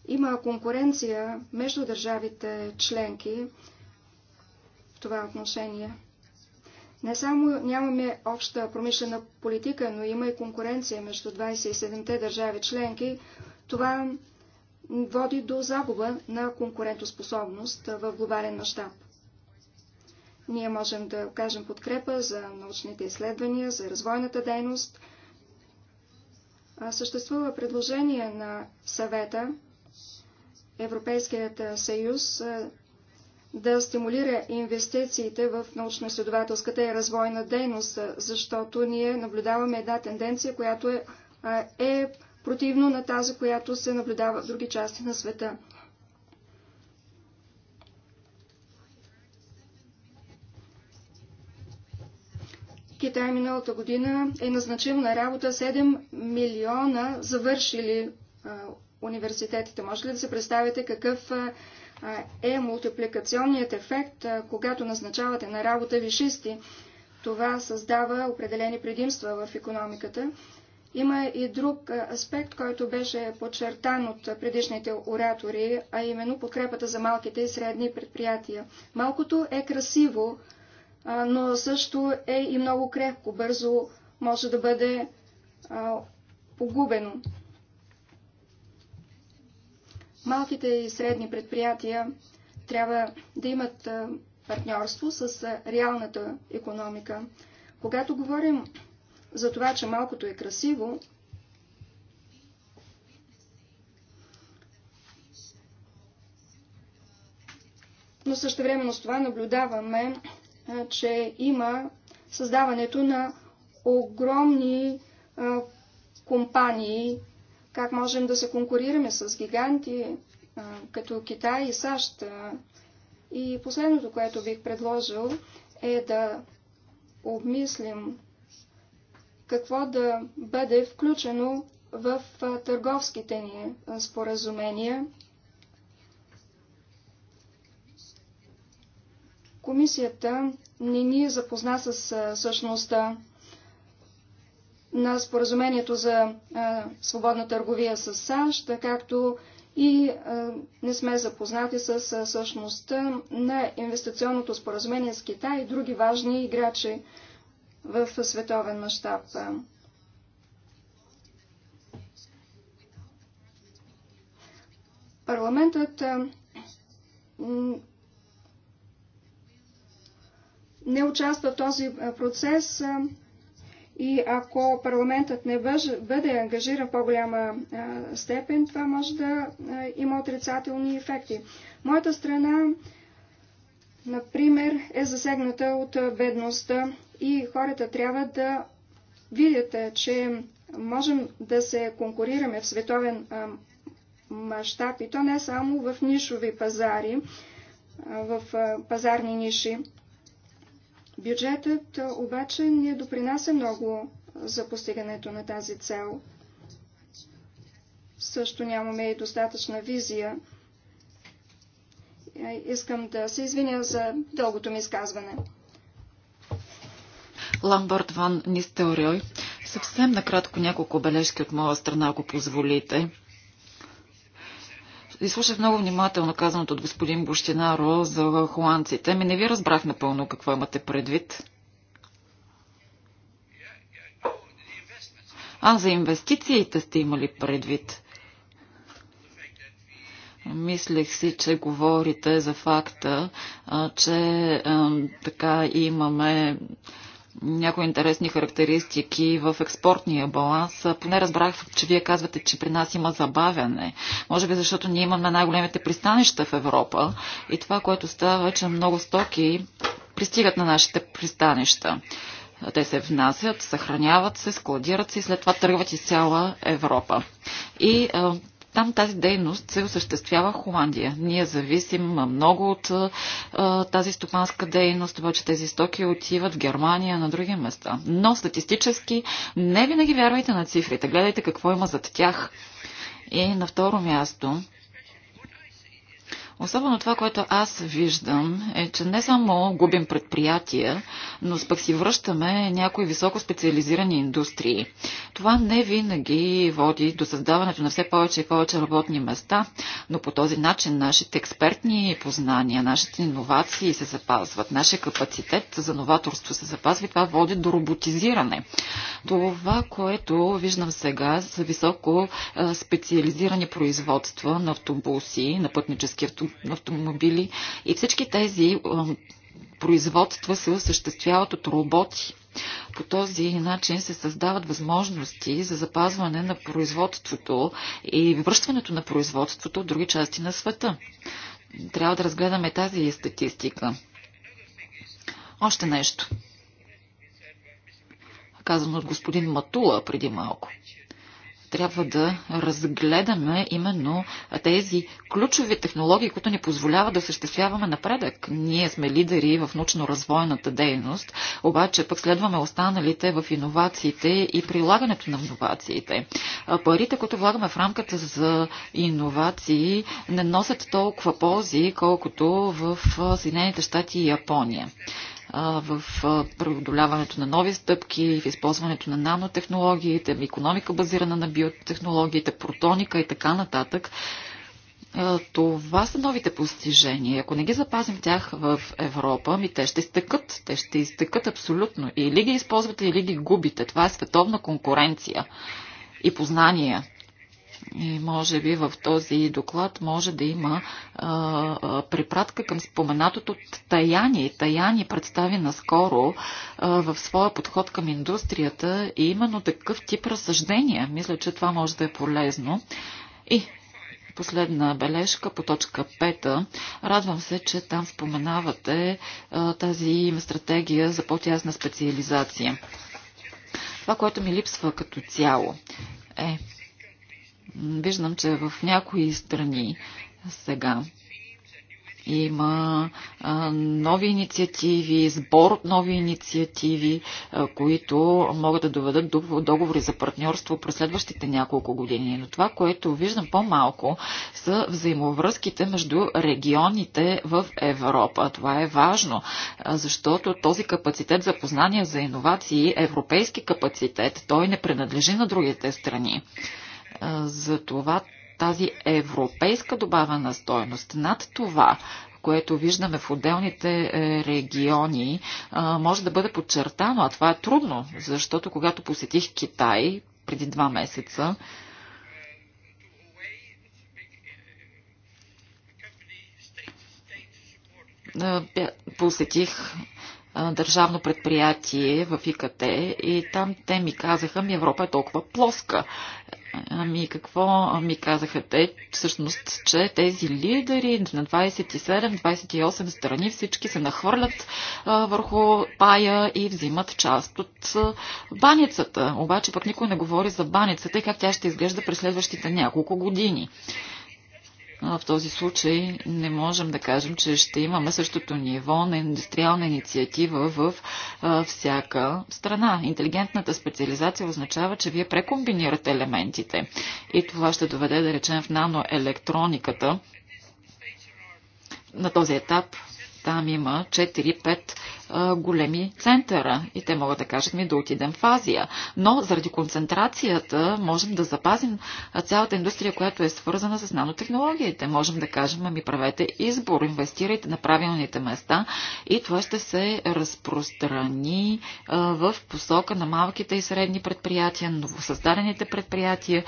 Има конкуренция между държавите членки в това отношение. Не само нямаме обща промишлена политика, но има и конкуренция между 27-те държави членки. Това води до загуба на конкурентоспособност в глобален мащаб. Ние можем да окажем подкрепа за научните изследвания, за развойната дейност. Съществува предложение на съвета Европейският съюз да стимулира инвестициите в научно-изследователската и развойна дейност, защото ние наблюдаваме една тенденция, която е, е противно на тази, която се наблюдава в други части на света. Китай миналата година е назначил на работа 7 милиона завършили а, университетите. Може ли да се представите какъв а, е мултипликационният ефект, когато назначавате на работа вишисти. Това създава определени предимства в економиката. Има и друг аспект, който беше подчертан от предишните оратори, а именно подкрепата за малките и средни предприятия. Малкото е красиво, но също е и много крехко, бързо може да бъде погубено. Малките и средни предприятия трябва да имат партньорство с реалната економика. Когато говорим за това, че малкото е красиво, но времено с това наблюдаваме, че има създаването на огромни компании, как можем да се конкурираме с гиганти като Китай и САЩ? И последното, което бих предложил, е да обмислим какво да бъде включено в търговските ни споразумения. Комисията не ни запозна с същността на споразумението за а, свободна търговия с САЩ, както и а, не сме запознати с а, същността на инвестиционното споразумение с Китай и други важни играчи в световен мащаб. Парламентът не участва в този процес, и ако парламентът не бъде ангажиран в по-голяма степен, това може да има отрицателни ефекти. Моята страна, например, е засегната от бедността и хората трябва да видят, че можем да се конкурираме в световен мащаб и то не само в нишови пазари, в пазарни ниши. Бюджетът обаче не допринася много за постигането на тази цел. Също нямаме и достатъчна визия. Е, искам да се извиня за дългото ми изказване. Ламбард Ван Нистеорой. Съвсем накратко няколко бележки от моя страна, ако позволите изслушах много внимателно казаното от господин Бощинаро за холандците. Ми не ви разбрах напълно какво имате предвид. А, за инвестициите сте имали предвид. Мислех си, че говорите за факта, че така имаме някои интересни характеристики в експортния баланс. Поне разбрах, че вие казвате, че при нас има забавяне. Може би защото ние имаме най-големите пристанища в Европа и това, което става, че много стоки пристигат на нашите пристанища. Те се внасят, съхраняват се, складират се и след това тръгват из цяла Европа. И е, там тази дейност се осъществява в Холандия. Ние зависим много от а, тази стопанска дейност, обаче тези стоки отиват в Германия, на други места. Но статистически не винаги вярвайте на цифрите. Гледайте какво има зад тях. И на второ място, Особено това, което аз виждам, е, че не само губим предприятия, но пък си връщаме някои високо специализирани индустрии. Това не винаги води до създаването на все повече и повече работни места, но по този начин нашите експертни познания, нашите иновации се запазват, нашия капацитет за новаторство се запазва и това води до роботизиране. Това, което виждам сега, са високо специализирани производства на автобуси, на пътнически автобуси, автомобили и всички тези производства се осъществяват от роботи. По този начин се създават възможности за запазване на производството и връщането на производството от други части на света. Трябва да разгледаме тази статистика. Още нещо. Казано от господин Матула преди малко трябва да разгледаме именно тези ключови технологии, които ни позволяват да осъществяваме напредък. Ние сме лидери в научно-развойната дейност, обаче пък следваме останалите в иновациите и прилагането на иновациите. Парите, които влагаме в рамката за иновации, не носят толкова ползи, колкото в Съединените щати и Япония в преодоляването на нови стъпки, в използването на нанотехнологиите, в економика базирана на биотехнологиите, протоника и така нататък. Това са новите постижения. Ако не ги запазим тях в Европа, ми те ще изтъкат. Те ще изтъкат абсолютно. Или ги използвате, или ги губите. Това е световна конкуренция и познания. И може би в този доклад може да има а, препратка към споменатото Таяни. Таяни представи наскоро а, в своя подход към индустрията и именно такъв тип разсъждения. Мисля, че това може да е полезно. И последна бележка по точка 5. Радвам се, че там споменавате а, тази стратегия за по-тясна специализация. Това, което ми липсва като цяло е Виждам, че в някои страни сега има а, нови инициативи, сбор от нови инициативи, а, които могат да доведат до договори за партньорство през следващите няколко години. Но това, което виждам по-малко, са взаимовръзките между регионите в Европа. Това е важно, а, защото този капацитет за познание за иновации европейски капацитет. Той не принадлежи на другите страни. За това тази европейска добавена стойност над това, което виждаме в отделните е, региони, може да бъде подчертано, а това е трудно, защото когато посетих Китай преди два месеца, посетих държавно предприятие в ИКТ и там те ми казаха, ми Европа е толкова плоска. Ами какво ми казаха те? Всъщност, че тези лидери на 27-28 страни всички се нахвърлят а, върху пая и взимат част от а, баницата. Обаче пък никой не говори за баницата и как тя ще изглежда през следващите няколко години. В този случай не можем да кажем, че ще имаме същото ниво на индустриална инициатива в всяка страна. Интелигентната специализация означава, че вие прекомбинирате елементите. И това ще доведе, да речем, в наноелектрониката. На този етап там има 4-5 големи центъра и те могат да кажат ми да отидем в Азия. Но заради концентрацията можем да запазим цялата индустрия, която е свързана с нанотехнологиите. Можем да кажем, ами правете избор, инвестирайте на правилните места и това ще се разпространи в посока на малките и средни предприятия, новосъздадените предприятия,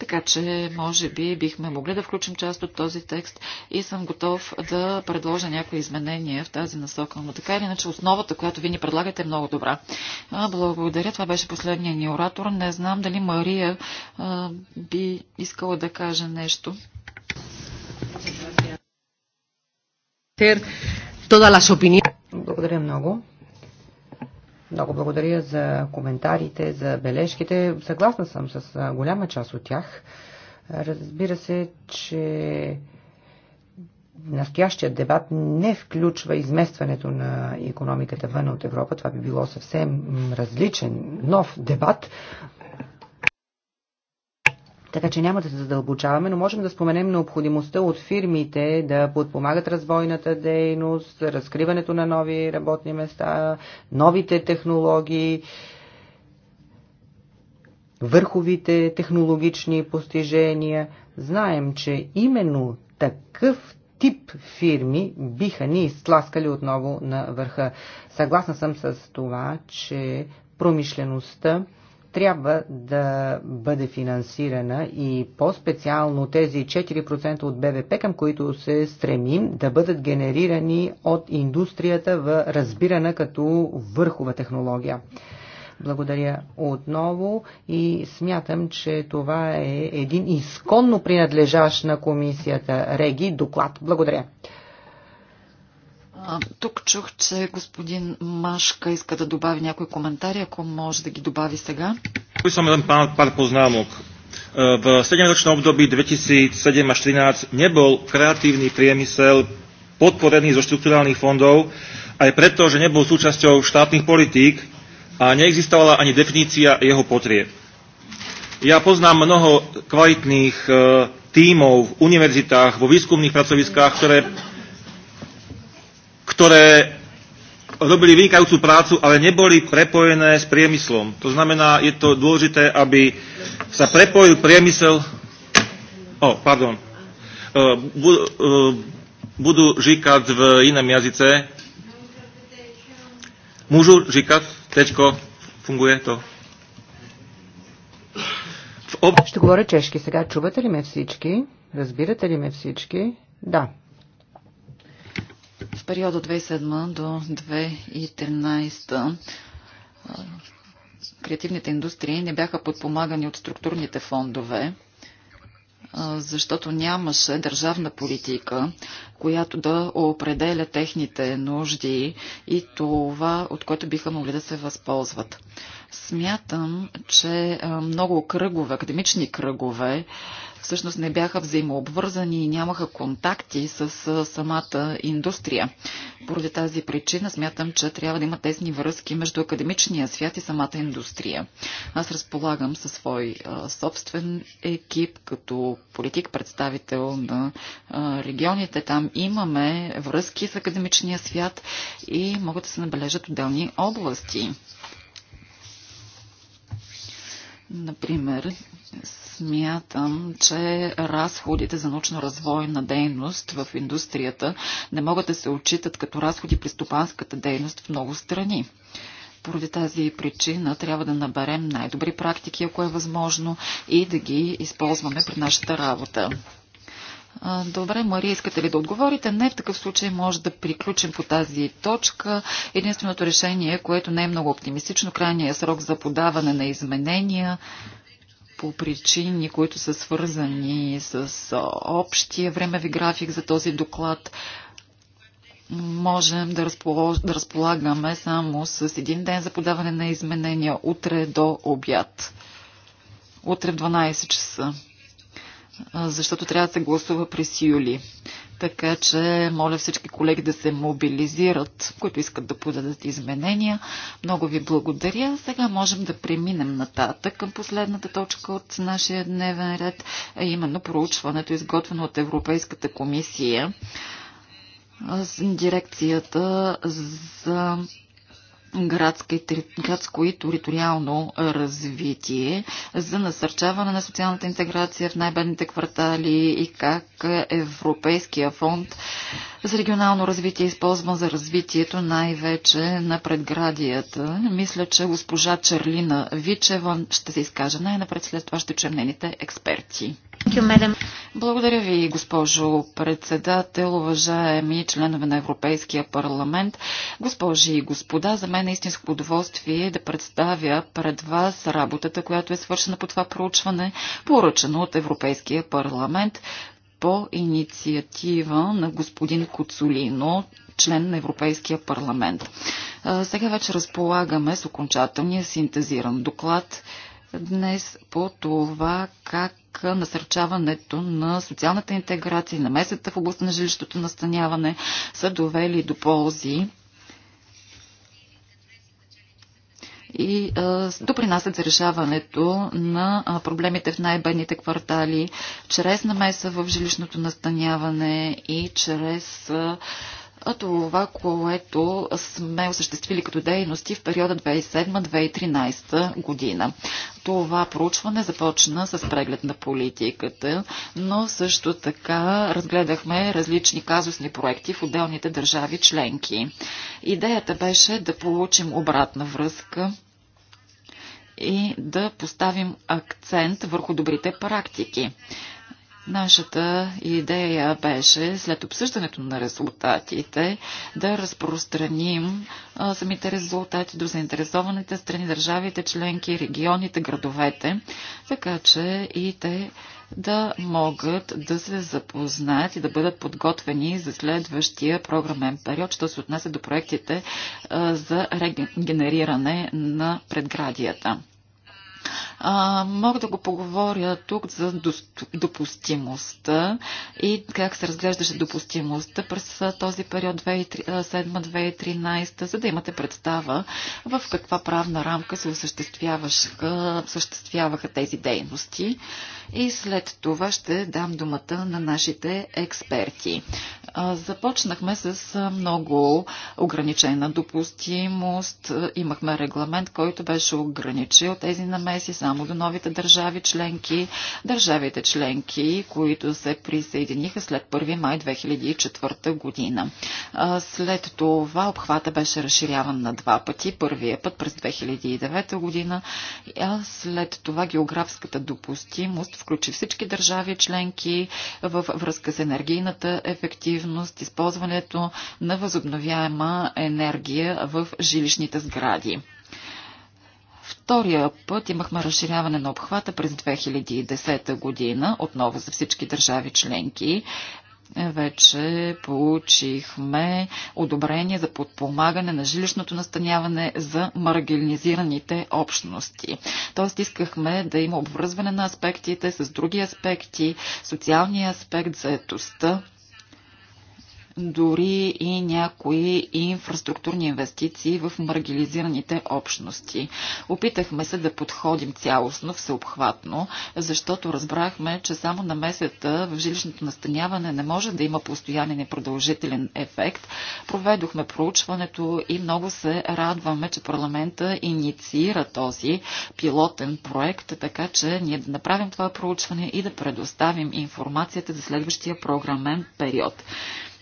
така че, може би, бихме могли да включим част от този текст и съм готов да предложа някои изменения в тази насока. Но така или иначе, основата, която ви ни предлагате, е много добра. благодаря. Това беше последния ни оратор. Не знам дали Мария а, би искала да каже нещо. Благодаря много. Много благодаря за коментарите, за бележките. Съгласна съм с голяма част от тях. Разбира се, че настоящият дебат не включва изместването на економиката вън от Европа. Това би било съвсем различен, нов дебат, така че няма да се задълбочаваме, но можем да споменем необходимостта от фирмите да подпомагат развойната дейност, разкриването на нови работни места, новите технологии, върховите технологични постижения. Знаем, че именно такъв тип фирми биха ни изтласкали отново на върха. Съгласна съм с това, че промишлеността трябва да бъде финансирана и по-специално тези 4% от БВП, към които се стремим да бъдат генерирани от индустрията, в разбирана като върхова технология. Благодаря отново и смятам, че това е един изконно принадлежащ на комисията Реги доклад. Благодаря. Тук чух, че господин Машка иска да добави някои коментари, ако може да ги добави сега. Som len pár, pár poznámok. V 7-ročnom období 2007 až 2013 nebol kreatívny priemysel podporený zo štruktúrálnych fondov aj preto, že nebol súčasťou štátnych politík a neexistovala ani definícia jeho potrieb. Ja poznám mnoho kvalitných tímov v univerzitách, vo výskumných pracoviskách, ktoré ktoré robili vynikajúcu prácu, ale neboli prepojené s priemyslom. To znamená, je to dôležité, aby sa prepojil priemysel... O, pardon. Budú říkať v inom jazyce. Môžu říkať? Tečko, Funguje to? В об... Ще говоря чешки сега. Чувате ли ме всички? Разбирате ли ме всички? Да в периода 2007 до 2013 креативните индустрии не бяха подпомагани от структурните фондове, защото нямаше държавна политика, която да определя техните нужди и това, от което биха могли да се възползват. Смятам, че много кръгове, академични кръгове, всъщност не бяха взаимообвързани и нямаха контакти с самата индустрия. Поради тази причина смятам, че трябва да има тесни връзки между академичния свят и самата индустрия. Аз разполагам със свой собствен екип като политик, представител на регионите. Там имаме връзки с академичния свят и могат да се набележат отделни области. Например, смятам, че разходите за научно-развойна дейност в индустрията не могат да се отчитат като разходи при стопанската дейност в много страни. Поради тази причина трябва да наберем най-добри практики, ако е възможно, и да ги използваме при нашата работа. Добре, Мария, искате ли да отговорите? Не, в такъв случай може да приключим по тази точка. Единственото решение, което не е много оптимистично, крайният срок за подаване на изменения по причини, които са свързани с общия времеви график за този доклад, можем да, разполож... да разполагаме само с един ден за подаване на изменения утре до обяд. Утре в 12 часа. Защото трябва да се гласува през юли. Така че моля всички колеги да се мобилизират, които искат да подадат изменения. Много ви благодаря. Сега можем да преминем нататък към последната точка от нашия дневен ред, а именно проучването, изготвено от Европейската комисия с дирекцията за градско и териториално развитие за насърчаване на социалната интеграция в най-бедните квартали и как Европейския фонд за регионално развитие, използван за развитието най-вече на предградията. Мисля, че госпожа Черлина Вичева ще се изкаже най-напред, след това ще чуем нейните експерти. Благодаря ви, госпожо председател, уважаеми членове на Европейския парламент, госпожи и господа. За мен е истинско удоволствие да представя пред вас работата, която е свършена по това проучване, поръчено от Европейския парламент по инициатива на господин Коцолино, член на Европейския парламент. Сега вече разполагаме с окончателния синтезиран доклад днес по това как насърчаването на социалната интеграция и на местата в областта на жилищото настаняване са довели до ползи и допринасят за решаването на проблемите в най-бедните квартали, чрез намеса в жилищното настаняване и чрез това, което сме осъществили като дейности в периода 2007-2013 година. Това проучване започна с преглед на политиката, но също така разгледахме различни казусни проекти в отделните държави членки. Идеята беше да получим обратна връзка и да поставим акцент върху добрите практики. Нашата идея беше, след обсъждането на резултатите, да разпространим а, самите резултати до заинтересованите страни, държавите, членки, регионите, градовете, така че и те да могат да се запознаят и да бъдат подготвени за следващия програмен период, що се отнася до проектите а, за регенериране на предградията. А, мога да го поговоря тук за допустимостта и как се разглеждаше допустимостта през този период 2007-2013, за да имате представа в каква правна рамка се осъществяваха, тези дейности. И след това ще дам думата на нашите експерти. Започнахме с много ограничена допустимост. Имахме регламент, който беше ограничил тези намерения отнесе само до новите държави членки, държавите членки, които се присъединиха след 1 май 2004 година. След това обхвата беше разширяван на два пъти. Първия път през 2009 година, а след това географската допустимост включи всички държави членки във връзка с енергийната ефективност, използването на възобновяема енергия в жилищните сгради. Втория път имахме разширяване на обхвата през 2010 година, отново за всички държави членки вече получихме одобрение за подпомагане на жилищното настаняване за маргинализираните общности. Тоест искахме да има обвързване на аспектите с други аспекти, социалния аспект, заетостта дори и някои инфраструктурни инвестиции в маргилизираните общности. Опитахме се да подходим цялостно, всеобхватно, защото разбрахме, че само на месеца в жилищното настаняване не може да има постоянен и продължителен ефект. Проведохме проучването и много се радваме, че парламента инициира този пилотен проект, така че ние да направим това проучване и да предоставим информацията за следващия програмен период.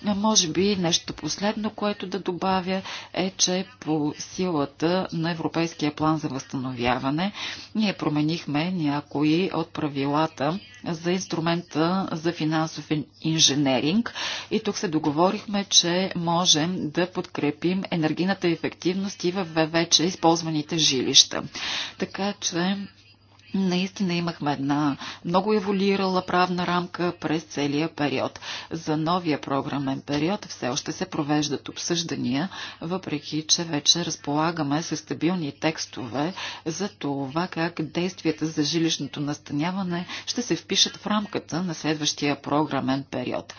Е, може би нещо последно, което да добавя е, че по силата на Европейския план за възстановяване ние променихме някои от правилата за инструмента за финансов инженеринг и тук се договорихме, че можем да подкрепим енергийната ефективност и в вече използваните жилища. Така че Наистина имахме една много еволюирала правна рамка през целия период. За новия програмен период все още се провеждат обсъждания, въпреки че вече разполагаме с стабилни текстове за това как действията за жилищното настаняване ще се впишат в рамката на следващия програмен период.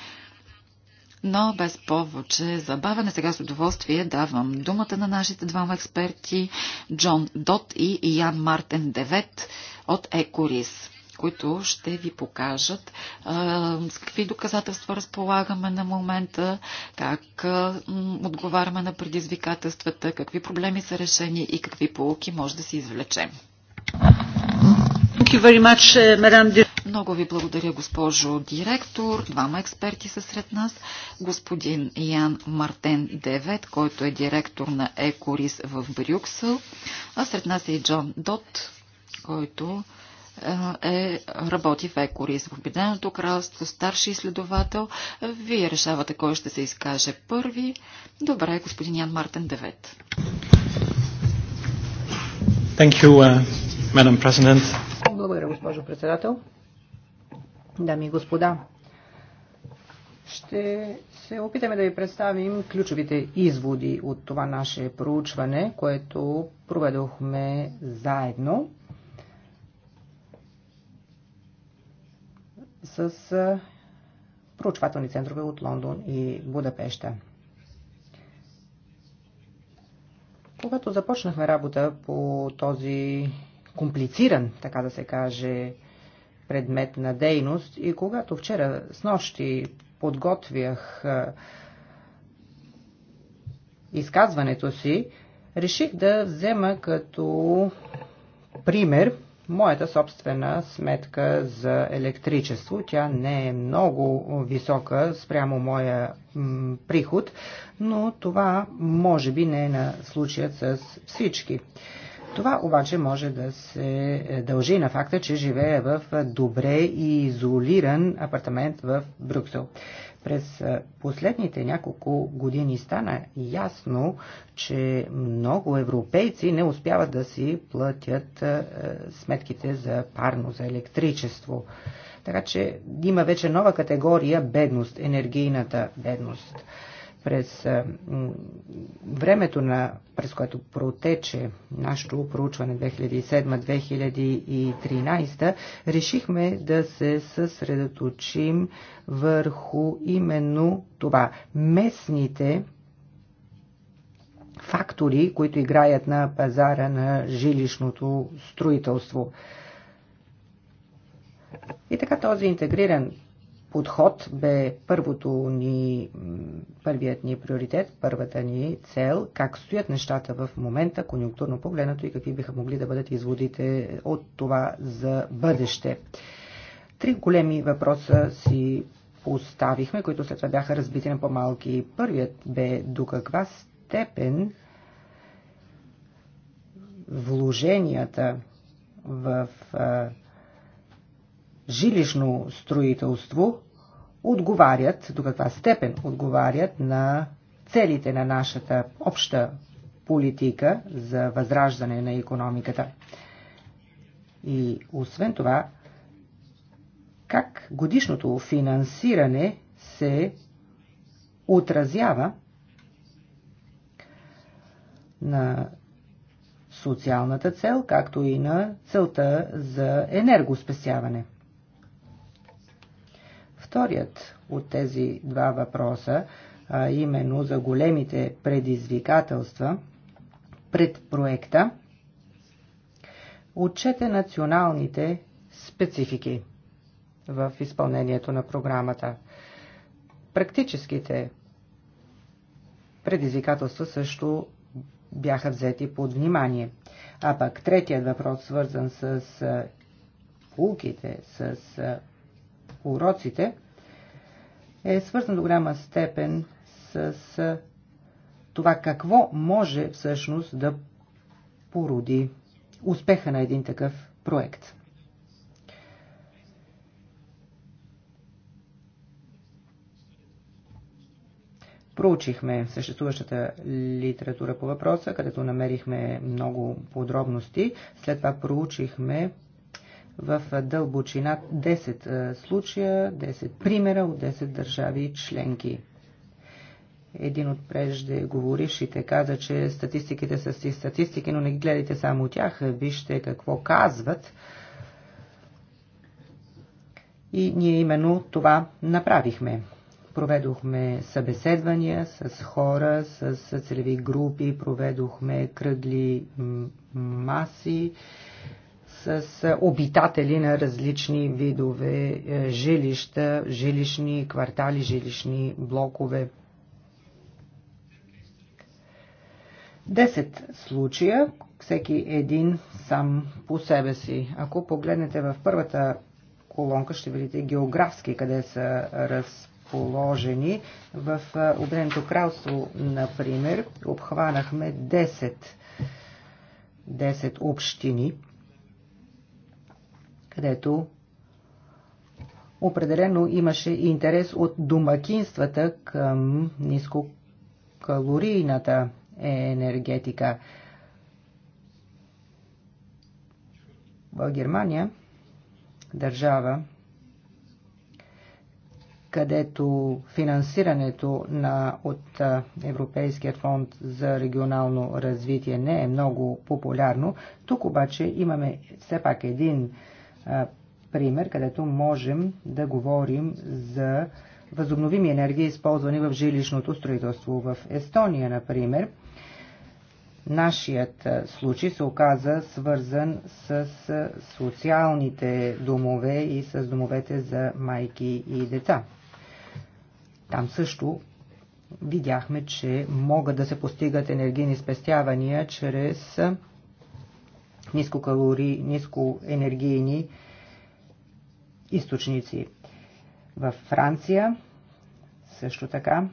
Но без повече забавяне, сега с удоволствие давам думата на нашите двама експерти Джон Дот и Ян Мартен Девет от Екорис които ще ви покажат а, с какви доказателства разполагаме на момента, как а, отговаряме на предизвикателствата, какви проблеми са решени и какви полуки може да си извлечем. Eh, Много ви благодаря, госпожо директор. Двама експерти са сред нас. Господин Ян Мартен Девет, който е директор на Екорис в Брюксел, а сред нас е и Джон Дот, който е, е, работи в Екорис. В Обединеното кралство, старши изследовател, вие решавате кой ще се изкаже първи. Добре, господин Ян Мартен Девет. Thank you, uh, Благодаря, госпожо председател. Дами и господа, ще се опитаме да ви представим ключовите изводи от това наше проучване, което проведохме заедно с проучвателни центрове от Лондон и Будапеща. Когато започнахме работа по този комплициран, така да се каже, предмет на дейност и когато вчера с нощи подготвях изказването си, реших да взема като пример моята собствена сметка за електричество. Тя не е много висока спрямо моя приход, но това може би не е на случаят с всички. Това обаче може да се е, дължи на факта, че живее в добре и изолиран апартамент в Брюксел. През последните няколко години стана ясно, че много европейци не успяват да си платят сметките за парно, за електричество. Така че има вече нова категория бедност, енергийната бедност. През времето, на, през което протече нашето проучване 2007-2013, решихме да се съсредоточим върху именно това. Местните фактори, които играят на пазара на жилищното строителство. И така този интегриран подход бе първото ни, първият ни приоритет, първата ни цел, как стоят нещата в момента, конъюнктурно погледнато и какви биха могли да бъдат изводите от това за бъдеще. Три големи въпроса си поставихме, които след това бяха разбити на по-малки. Първият бе до каква степен вложенията в жилищно строителство отговарят, до каква степен отговарят на целите на нашата обща политика за възраждане на економиката. И освен това, как годишното финансиране се отразява на социалната цел, както и на целта за енергоспесяване вторият от тези два въпроса, а именно за големите предизвикателства пред проекта, отчете националните специфики в изпълнението на програмата. Практическите предизвикателства също бяха взети под внимание. А пък третият въпрос, свързан с полуките, с уроците, е свързан до голяма степен с това какво може всъщност да породи успеха на един такъв проект. Проучихме съществуващата литература по въпроса, където намерихме много подробности. След това проучихме в дълбочина 10 случая, 10 примера от 10 държави членки. Един от преждеговорившите каза, че статистиките са си статистики, но не гледайте само тях, вижте какво казват. И ние именно това направихме. Проведохме събеседвания с хора, с целеви групи, проведохме кръгли маси с обитатели на различни видове е, жилища, жилищни квартали, жилищни блокове. 10 случая, всеки един сам по себе си. Ако погледнете в първата колонка, ще видите географски къде са разположени. В е, Обединеното кралство, например, обхванахме 10, 10 общини – където определено имаше интерес от домакинствата към нискокалорийната енергетика. В Германия, държава, където финансирането на, от Европейският фонд за регионално развитие не е много популярно. Тук обаче имаме все пак един пример, където можем да говорим за възобновими енергии, използвани в жилищното строителство. В Естония, например, нашият случай се оказа свързан с социалните домове и с домовете за майки и деца. Там също видяхме, че могат да се постигат енергийни спестявания чрез нискокалори, нискоенергийни източници. В Франция също така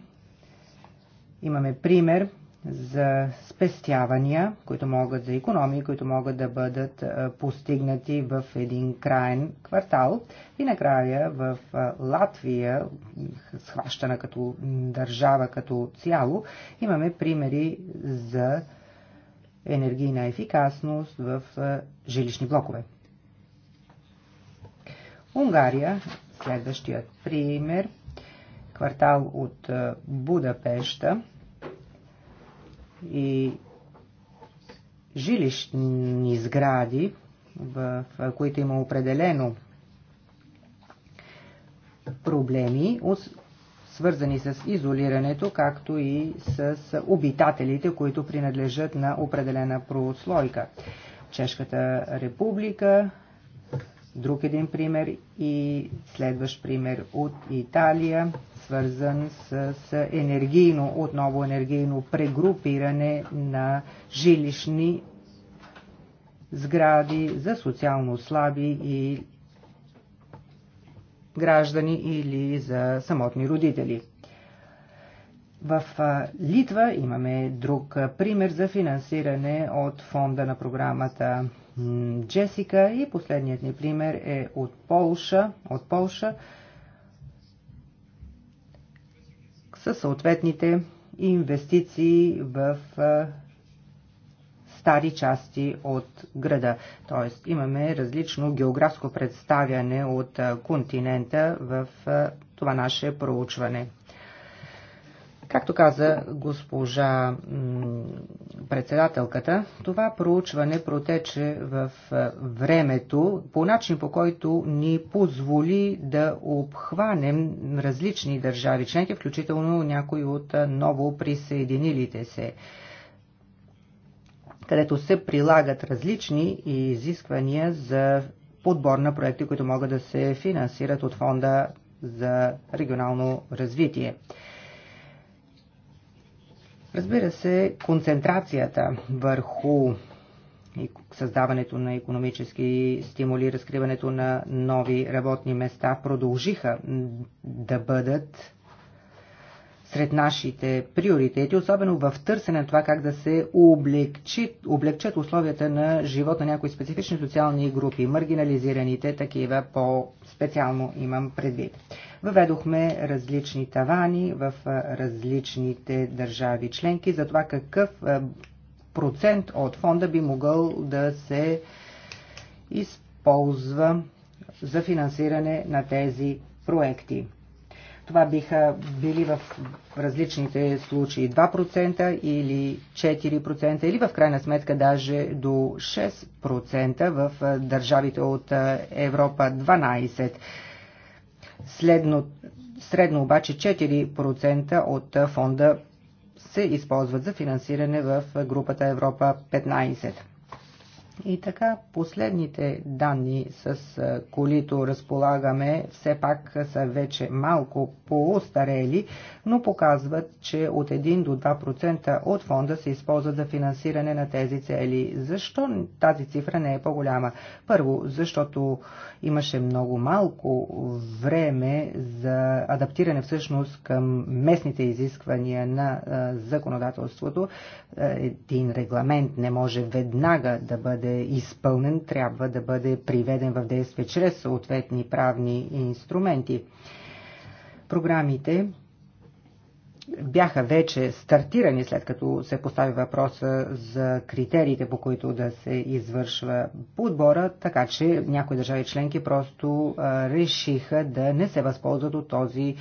имаме пример за спестявания, които могат за економии, които могат да бъдат постигнати в един крайен квартал. И накрая в Латвия, схващана като държава като цяло, имаме примери за енергийна ефикасност в жилищни блокове. Унгария, следващият пример, квартал от Будапешта и жилищни сгради, в които има определено проблеми, свързани с изолирането, както и с обитателите, които принадлежат на определена прослойка. Чешката република, друг един пример и следващ пример от Италия, свързан с енергийно, отново енергийно прегрупиране на жилищни сгради за социално слаби и граждани или за самотни родители. В Литва имаме друг пример за финансиране от фонда на програмата Джесика и последният ни пример е от Полша, от Полша със съответните инвестиции в стари части от града. Тоест имаме различно географско представяне от континента в това наше проучване. Както каза госпожа председателката, това проучване протече в времето по начин по който ни позволи да обхванем различни държави членки, включително някои от ново присъединилите се където се прилагат различни изисквания за подбор на проекти, които могат да се финансират от Фонда за регионално развитие. Разбира се, концентрацията върху създаването на економически стимули, разкриването на нови работни места продължиха да бъдат сред нашите приоритети, особено в търсене на това как да се облегчи, облегчат условията на живот на някои специфични социални групи, маргинализираните такива по-специално имам предвид. Въведохме различни тавани в различните държави членки за това какъв процент от фонда би могъл да се използва за финансиране на тези проекти. Това биха били в различните случаи 2% или 4% или в крайна сметка даже до 6% в държавите от Европа 12. Следно, средно обаче 4% от фонда се използват за финансиране в групата Европа 15. И така, последните данни, с които разполагаме, все пак са вече малко по устарели но показват, че от 1 до 2% от фонда се използват за финансиране на тези цели. Защо тази цифра не е по-голяма? Първо, защото имаше много малко време за адаптиране всъщност към местните изисквания на законодателството. Е, един регламент не може веднага да бъде бъде изпълнен, трябва да бъде приведен в действие чрез съответни правни инструменти. Програмите бяха вече стартирани, след като се постави въпроса за критериите, по които да се извършва подбора, така че някои държави членки просто решиха да не се възползват от този,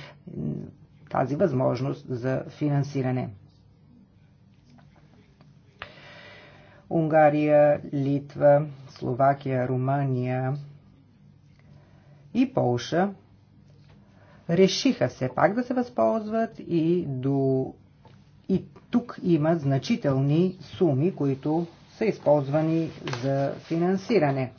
тази възможност за финансиране. Унгария, Литва, Словакия, Румъния и Полша решиха все пак да се възползват и до и тук има значителни суми, които са използвани за финансиране.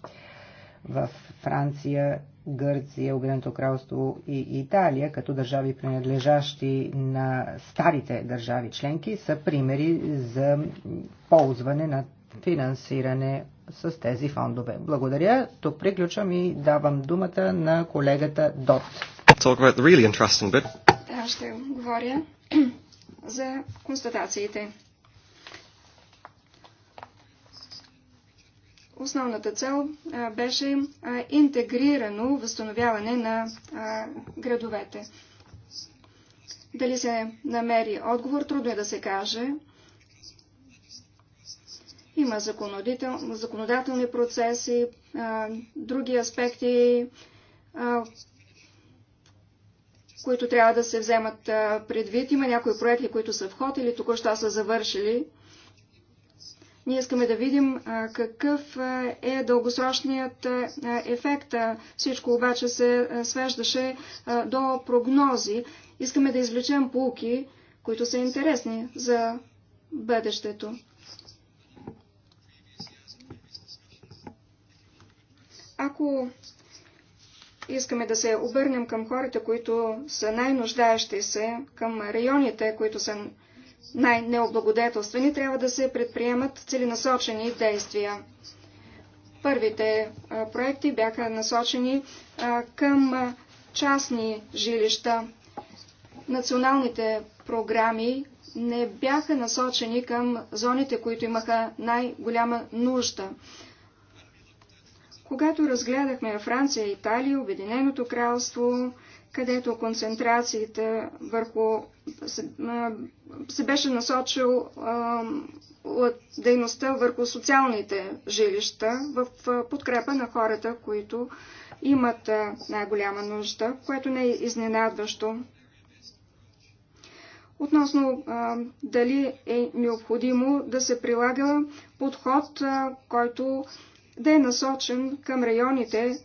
В Франция, Гърция, Огненото кралство и Италия, като държави принадлежащи на старите държави членки, са примери за ползване на финансиране с тези фондове. Благодаря. Тук приключвам и давам думата на колегата Дот. Really да, ще говоря за констатациите. Основната цел беше интегрирано възстановяване на градовете. Дали се намери отговор, трудно е да се каже. Има законодател, законодателни процеси, а, други аспекти, а, които трябва да се вземат а, предвид. Има някои проекти, които са в ход или току-що са завършили. Ние искаме да видим какъв е дългосрочният ефект. Всичко обаче се свеждаше до прогнози. Искаме да извлечем полки, които са интересни за бъдещето. Ако искаме да се обърнем към хората, които са най-нуждаещи се, към районите, които са най-необлагодетелствени, трябва да се предприемат целенасочени действия. Първите проекти бяха насочени към частни жилища. Националните програми не бяха насочени към зоните, които имаха най-голяма нужда. Когато разгледахме Франция, Италия, Обединеното кралство, където концентрацията върху се, се беше насочил а, дейността върху социалните жилища в подкрепа на хората, които имат най-голяма нужда, което не е изненадващо. Относно а, дали е необходимо да се прилага подход, а, който да е насочен към районите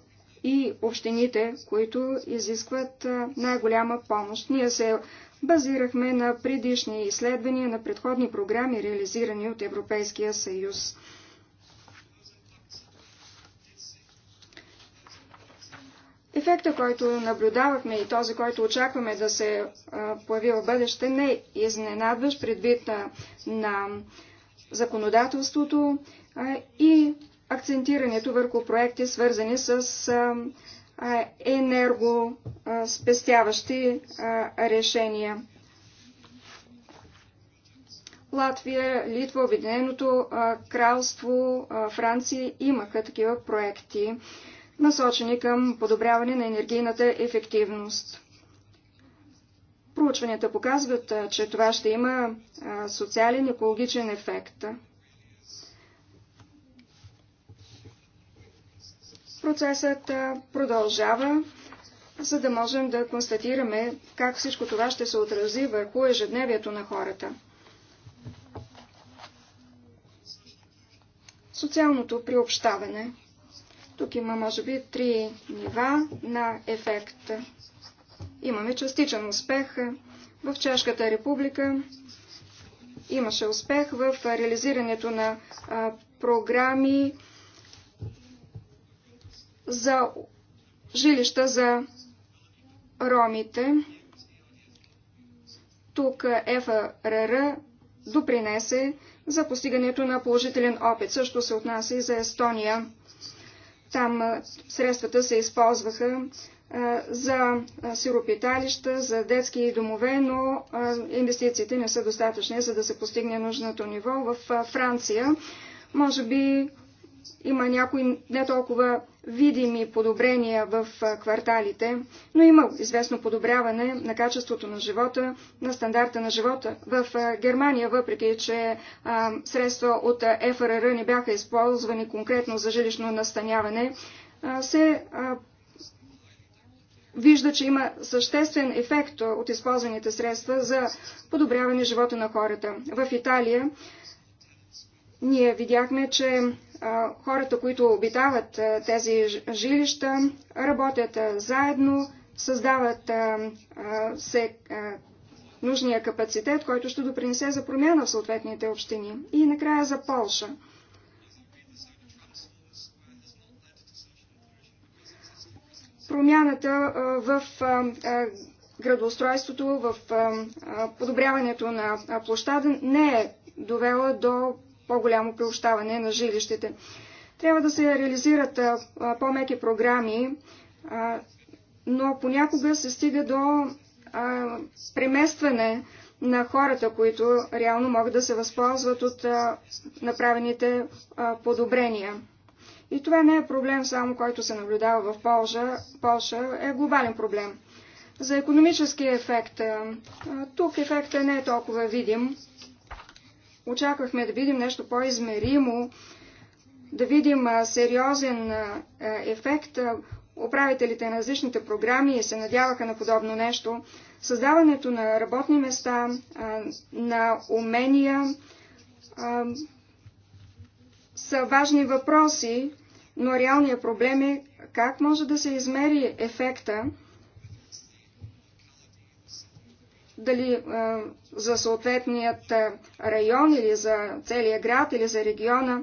и общините, които изискват най-голяма помощ. Ние се базирахме на предишни изследвания на предходни програми, реализирани от Европейския съюз. Ефекта, който наблюдавахме и този, който очакваме да се появи в бъдеще, не е изненадващ предвид на, на законодателството и акцентирането върху проекти, свързани с енергоспестяващи решения. Латвия, Литва, Обединеното кралство, Франция имаха такива проекти, насочени към подобряване на енергийната ефективност. Проучванията показват, че това ще има социален и екологичен ефект. Процесът продължава, за да можем да констатираме как всичко това ще се отрази върху ежедневието на хората. Социалното приобщаване. Тук има, може би, три нива на ефект. Имаме частичен успех в Чешката република. Имаше успех в реализирането на програми за жилища за ромите. Тук ФРР допринесе за постигането на положителен опит. Също се отнася и за Естония. Там средствата се използваха за сиропиталища, за детски домове, но инвестициите не са достатъчни, за да се постигне нужното ниво. В Франция, може би, има някои не толкова видими подобрения в кварталите, но има известно подобряване на качеството на живота, на стандарта на живота. В Германия, въпреки че а, средства от ФРР не бяха използвани конкретно за жилищно настаняване, а, се а, вижда, че има съществен ефект от използваните средства за подобряване живота на хората. В Италия ние видяхме, че хората, които обитават тези жилища, работят заедно, създават се нужния капацитет, който ще допринесе за промяна в съответните общини. И накрая за Полша. Промяната в градоустройството, в подобряването на площада не е довела до по-голямо приобщаване на жилищите. Трябва да се реализират по-меки програми, но понякога се стига до преместване на хората, които реално могат да се възползват от направените подобрения. И това не е проблем само, който се наблюдава в Полша. Полша е глобален проблем. За економическия ефект. Тук ефектът не е толкова видим. Очаквахме да видим нещо по-измеримо, да видим сериозен ефект. Управителите на различните програми се надяваха на подобно нещо. Създаването на работни места, на умения са важни въпроси, но реалният проблем е как може да се измери ефекта дали е, за съответният е, район или за целия град или за региона.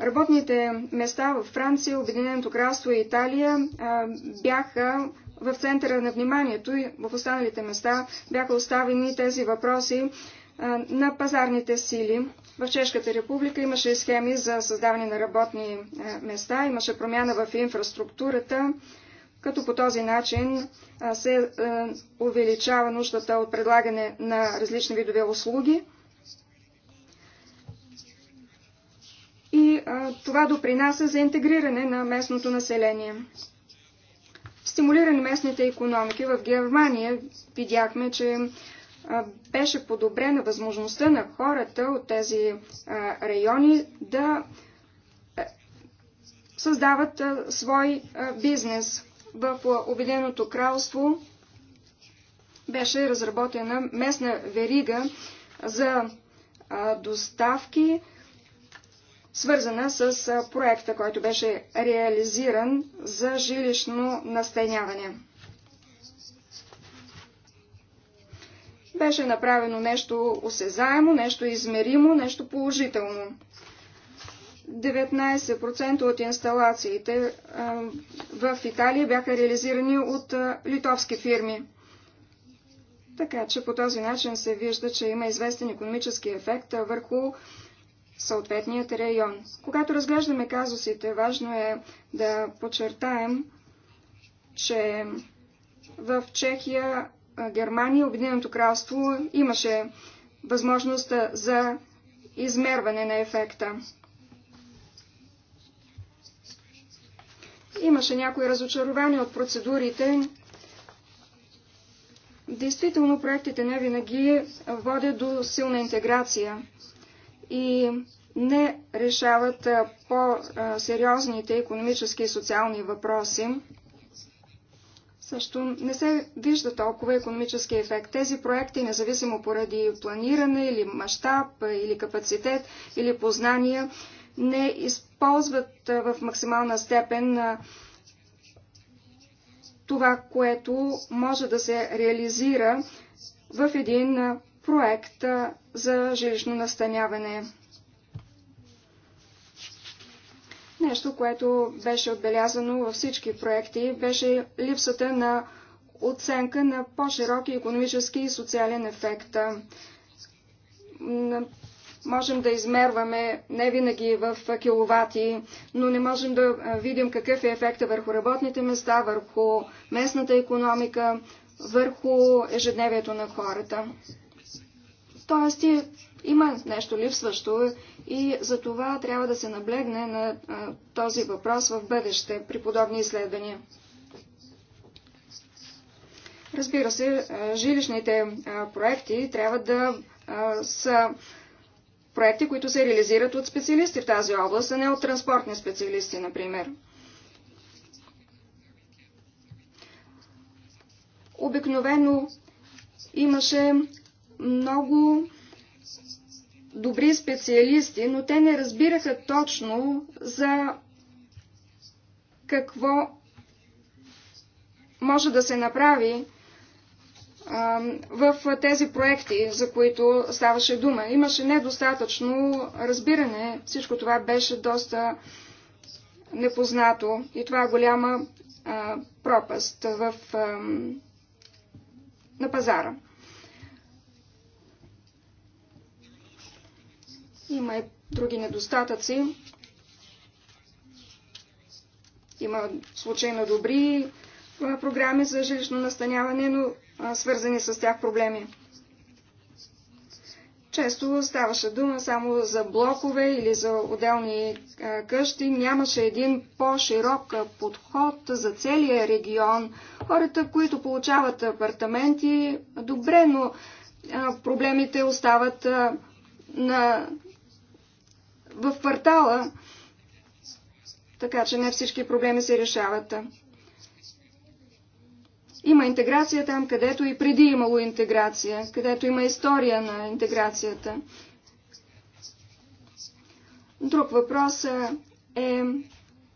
Работните места в Франция, Обединеното кралство и Италия е, бяха в центъра на вниманието и в останалите места бяха оставени тези въпроси на пазарните сили. В Чешката република имаше схеми за създаване на работни места, имаше промяна в инфраструктурата, като по този начин се е, увеличава нуждата от предлагане на различни видове услуги. И това допринася за интегриране на местното население. Стимулиране местните економики в Германия видяхме, че беше подобрена възможността на хората от тези райони да е, създават свой бизнес в Обединеното кралство беше разработена местна верига за доставки, свързана с проекта, който беше реализиран за жилищно настаняване. Беше направено нещо осезаемо, нещо измеримо, нещо положително. 19% от инсталациите в Италия бяха реализирани от литовски фирми. Така че по този начин се вижда, че има известен економически ефект върху съответният район. Когато разглеждаме казусите, важно е да подчертаем, че в Чехия, Германия, Обединеното кралство имаше възможност за измерване на ефекта. Имаше някои разочарования от процедурите. Действително, проектите не винаги водят до силна интеграция и не решават по-сериозните економически и социални въпроси. Също не се вижда толкова економически ефект. Тези проекти, независимо поради планиране или мащаб, или капацитет, или познания, не използват в максимална степен това, което може да се реализира в един проект за жилищно настаняване. Нещо, което беше отбелязано във всички проекти, беше липсата на оценка на по-широки економически и социален ефект. Можем да измерваме не винаги в киловати, но не можем да видим какъв е ефекта върху работните места, върху местната економика, върху ежедневието на хората. Тоест има нещо липсващо и за това трябва да се наблегне на този въпрос в бъдеще при подобни изследвания. Разбира се, жилищните проекти трябва да са проекти, които се реализират от специалисти в тази област, а не от транспортни специалисти, например. Обикновено имаше много добри специалисти, но те не разбираха точно за какво може да се направи в тези проекти, за които ставаше дума. Имаше недостатъчно разбиране. Всичко това беше доста непознато и това е голяма пропаст в, на пазара. Има и други недостатъци. Има случайно добри програми за жилищно настаняване, но свързани с тях проблеми. Често ставаше дума само за блокове или за отделни къщи. Нямаше един по-широк подход за целия регион. Хората, които получават апартаменти, добре, но проблемите остават на... в квартала, така че не всички проблеми се решават. Има интеграция там, където и преди имало интеграция, където има история на интеграцията. Друг въпрос е, е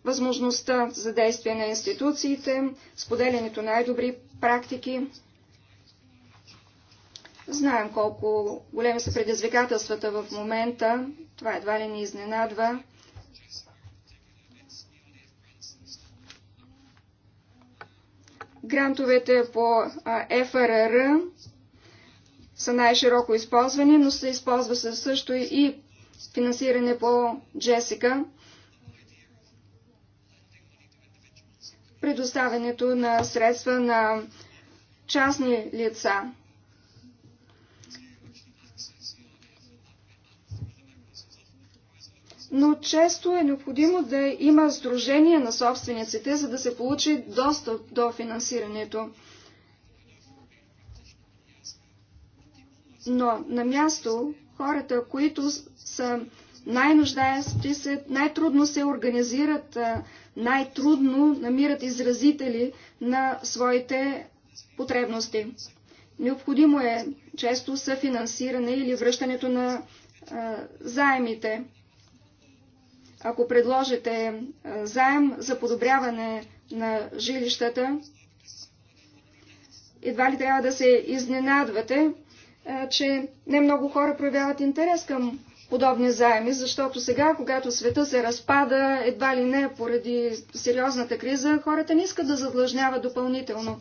възможността за действие на институциите, споделянето на най-добри практики. Знаем колко големи са предизвикателствата в момента. Това едва ли ни изненадва. Грантовете по ФРР са най-широко използвани, но се използва също и финансиране по Джесика. Предоставянето на средства на частни лица. но често е необходимо да има сдружение на собствениците, за да се получи достъп до финансирането. Но на място хората, които са най-нуждаещи се, най-трудно се организират, най-трудно намират изразители на своите потребности. Необходимо е често съфинансиране или връщането на а, заемите ако предложите е, заем за подобряване на жилищата, едва ли трябва да се изненадвате, е, че не много хора проявяват интерес към подобни заеми, защото сега, когато света се разпада, едва ли не поради сериозната криза, хората не искат да задлъжняват допълнително.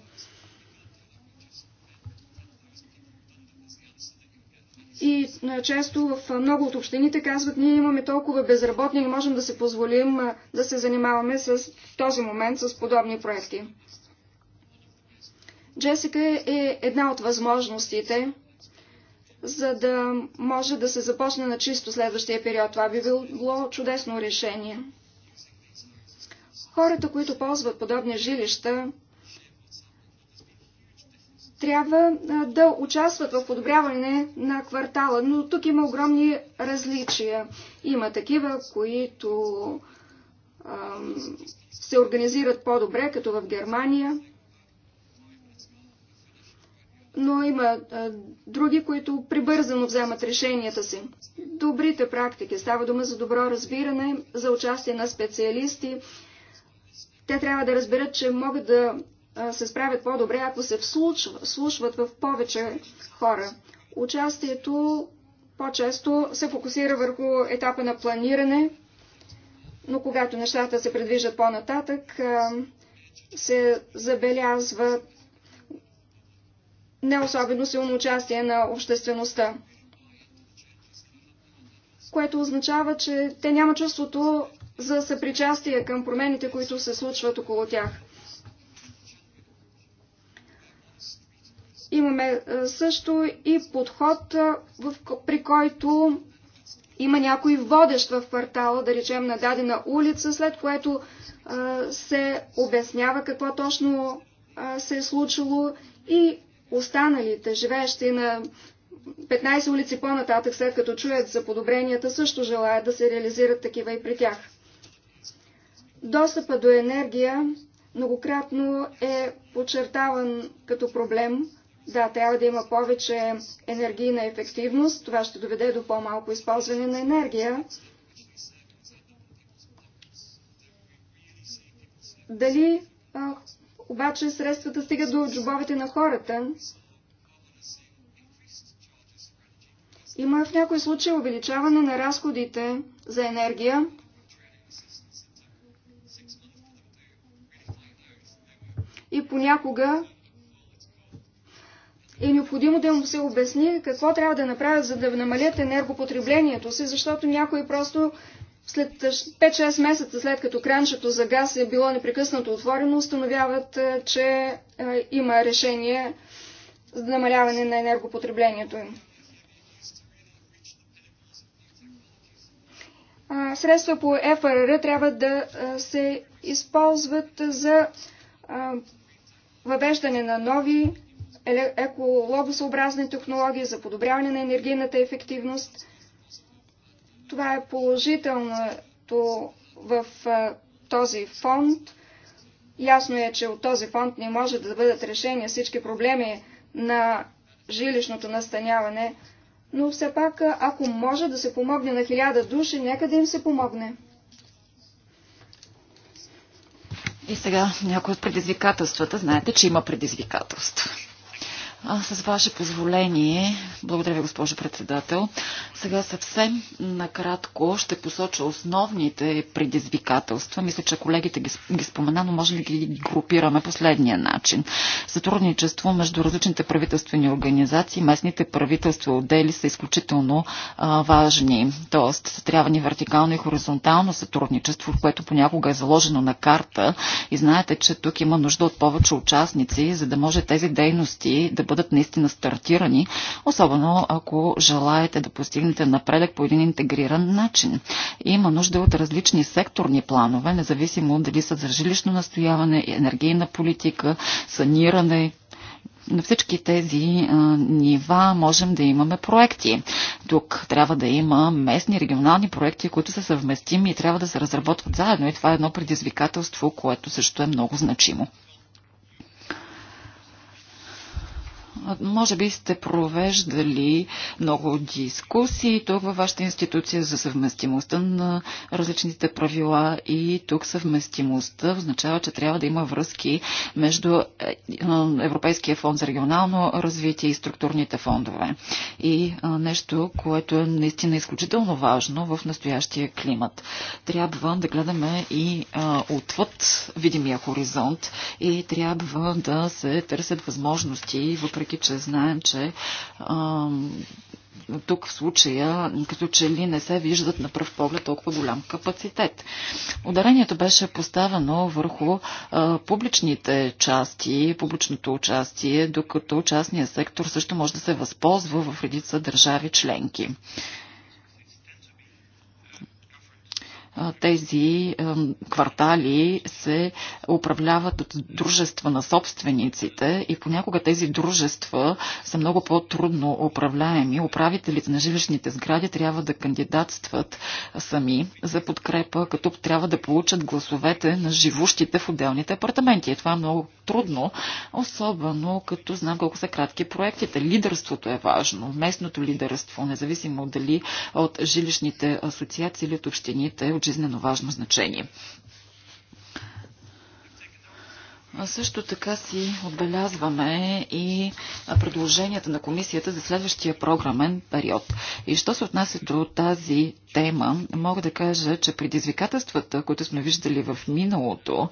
И често в много от общините казват, ние имаме толкова безработни, не можем да се позволим да се занимаваме с този момент с подобни проекти. Джесика е една от възможностите, за да може да се започне на чисто следващия период. Това би било чудесно решение. Хората, които ползват подобни жилища, трябва да участват в подобряване на квартала, но тук има огромни различия. Има такива, които ам, се организират по-добре, като в Германия, но има а, други, които прибързано вземат решенията си. Добрите практики става дума за добро разбиране, за участие на специалисти. Те трябва да разберат, че могат да се справят по-добре, ако се вслушват в повече хора. Участието по-често се фокусира върху етапа на планиране, но когато нещата се предвижат по-нататък, се забелязва не особено силно участие на обществеността, което означава, че те няма чувството за съпричастие към промените, които се случват около тях. Имаме е, също и подход, е, при който има някой водещ в квартала, да речем на дадена улица, след което е, се обяснява какво точно се е случило и останалите, живеещи на 15 улици по-нататък, след като чуят за подобренията, също желаят да се реализират такива и при тях. Достъпа до енергия многократно е подчертаван като проблем. Да, трябва да има повече енергийна ефективност. Това ще доведе до по-малко използване на енергия. Дали а, обаче средствата стигат до джобовете на хората? Има в някои случай увеличаване на разходите за енергия. И понякога е необходимо да му се обясни какво трябва да направят, за да намалят енергопотреблението си, защото някои просто след 5-6 месеца след като кранчето за газ е било непрекъснато отворено, установяват, е, че е, има решение за намаляване на енергопотреблението им. Средства по ФРР трябва да е, се използват за въвеждане на нови екологосъобразни технологии, за подобряване на енергийната ефективност. Това е положителното в този фонд. Ясно е, че от този фонд не може да бъдат решени всички проблеми на жилищното настаняване, но все пак, ако може да се помогне на хиляда души, нека да им се помогне. И сега някои от предизвикателствата. Знаете, че има предизвикателства с ваше позволение, благодаря ви, госпожо председател, сега съвсем накратко ще посоча основните предизвикателства. Мисля, че колегите ги, ги спомена, но може ли ги групираме последния начин. Сътрудничество между различните правителствени организации, местните правителства отдели са изключително а, важни. Тоест, трябва ни вертикално и хоризонтално сътрудничество, което понякога е заложено на карта. И знаете, че тук има нужда от повече участници, за да може тези дейности да бъдат бъдат наистина стартирани, особено ако желаете да постигнете напредък по един интегриран начин. Има нужда от различни секторни планове, независимо дали са за жилищно настояване, енергийна политика, саниране, на всички тези а, нива можем да имаме проекти. Тук трябва да има местни, регионални проекти, които са съвместими и трябва да се разработват заедно. И това е едно предизвикателство, което също е много значимо. Може би сте провеждали много дискусии тук във вашата институция за съвместимостта на различните правила и тук съвместимостта означава, че трябва да има връзки между е, е, Европейския фонд за регионално развитие и структурните фондове. И е, нещо, което е наистина изключително важно в настоящия климат. Трябва да гледаме и отвъд видимия хоризонт и трябва да се търсят възможности, въпреки въпреки че знаем, че а, тук в случая като че ли не се виждат на пръв поглед толкова голям капацитет. Ударението беше поставено върху а, публичните части, публичното участие, докато частният сектор също може да се възползва в редица държави членки. тези квартали се управляват от дружества на собствениците и понякога тези дружества са много по-трудно управляеми. Управителите на жилищните сгради трябва да кандидатстват сами за подкрепа, като трябва да получат гласовете на живущите в отделните апартаменти. И това е много трудно, особено като знам колко са кратки проектите. Лидерството е важно, местното лидерство, независимо дали от жилищните асоциации или от общините, от жизнено важно значение. Също така си отбелязваме и предложенията на комисията за следващия програмен период. И що се отнася до тази тема, мога да кажа, че предизвикателствата, които сме виждали в миналото,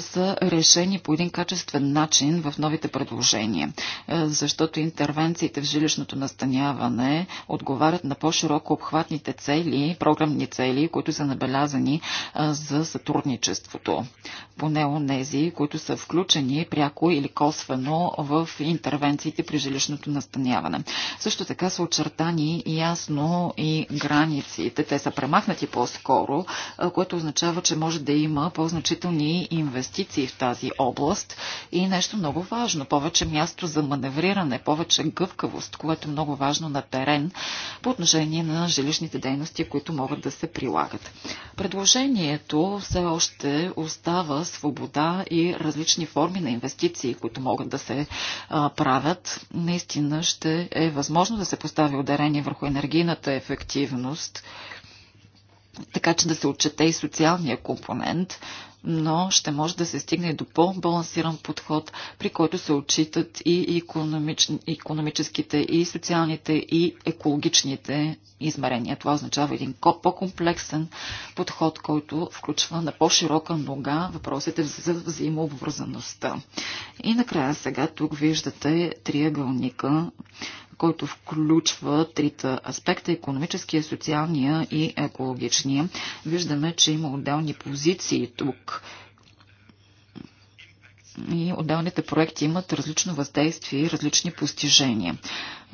са решени по един качествен начин в новите предложения, защото интервенциите в жилищното настаняване отговарят на по-широко обхватните цели, програмни цели, които са набелязани за сътрудничеството. Поне онези, които са включени пряко или косвено в интервенциите при жилищното настаняване. Също така са очертани ясно и границите. Те са премахнати по-скоро, което означава, че може да има по-значителни инвестиции в тази област и нещо много важно, повече място за маневриране, повече гъвкавост, което е много важно на терен по отношение на жилищните дейности, които могат да се прилагат. Предложението все още остава свобода и различни форми на инвестиции, които могат да се а, правят. Наистина ще е възможно да се постави ударение върху енергийната ефективност, така че да се отчете и социалния компонент, но ще може да се стигне до по-балансиран подход, при който се отчитат и економич... економическите, и социалните, и екологичните измерения. Това означава един по-комплексен подход, който включва на по-широка нога въпросите за взаимообвързаността. И накрая сега тук виждате триъгълника който включва трите аспекта – економическия, социалния и екологичния. Виждаме, че има отделни позиции тук и отделните проекти имат различно въздействие и различни постижения.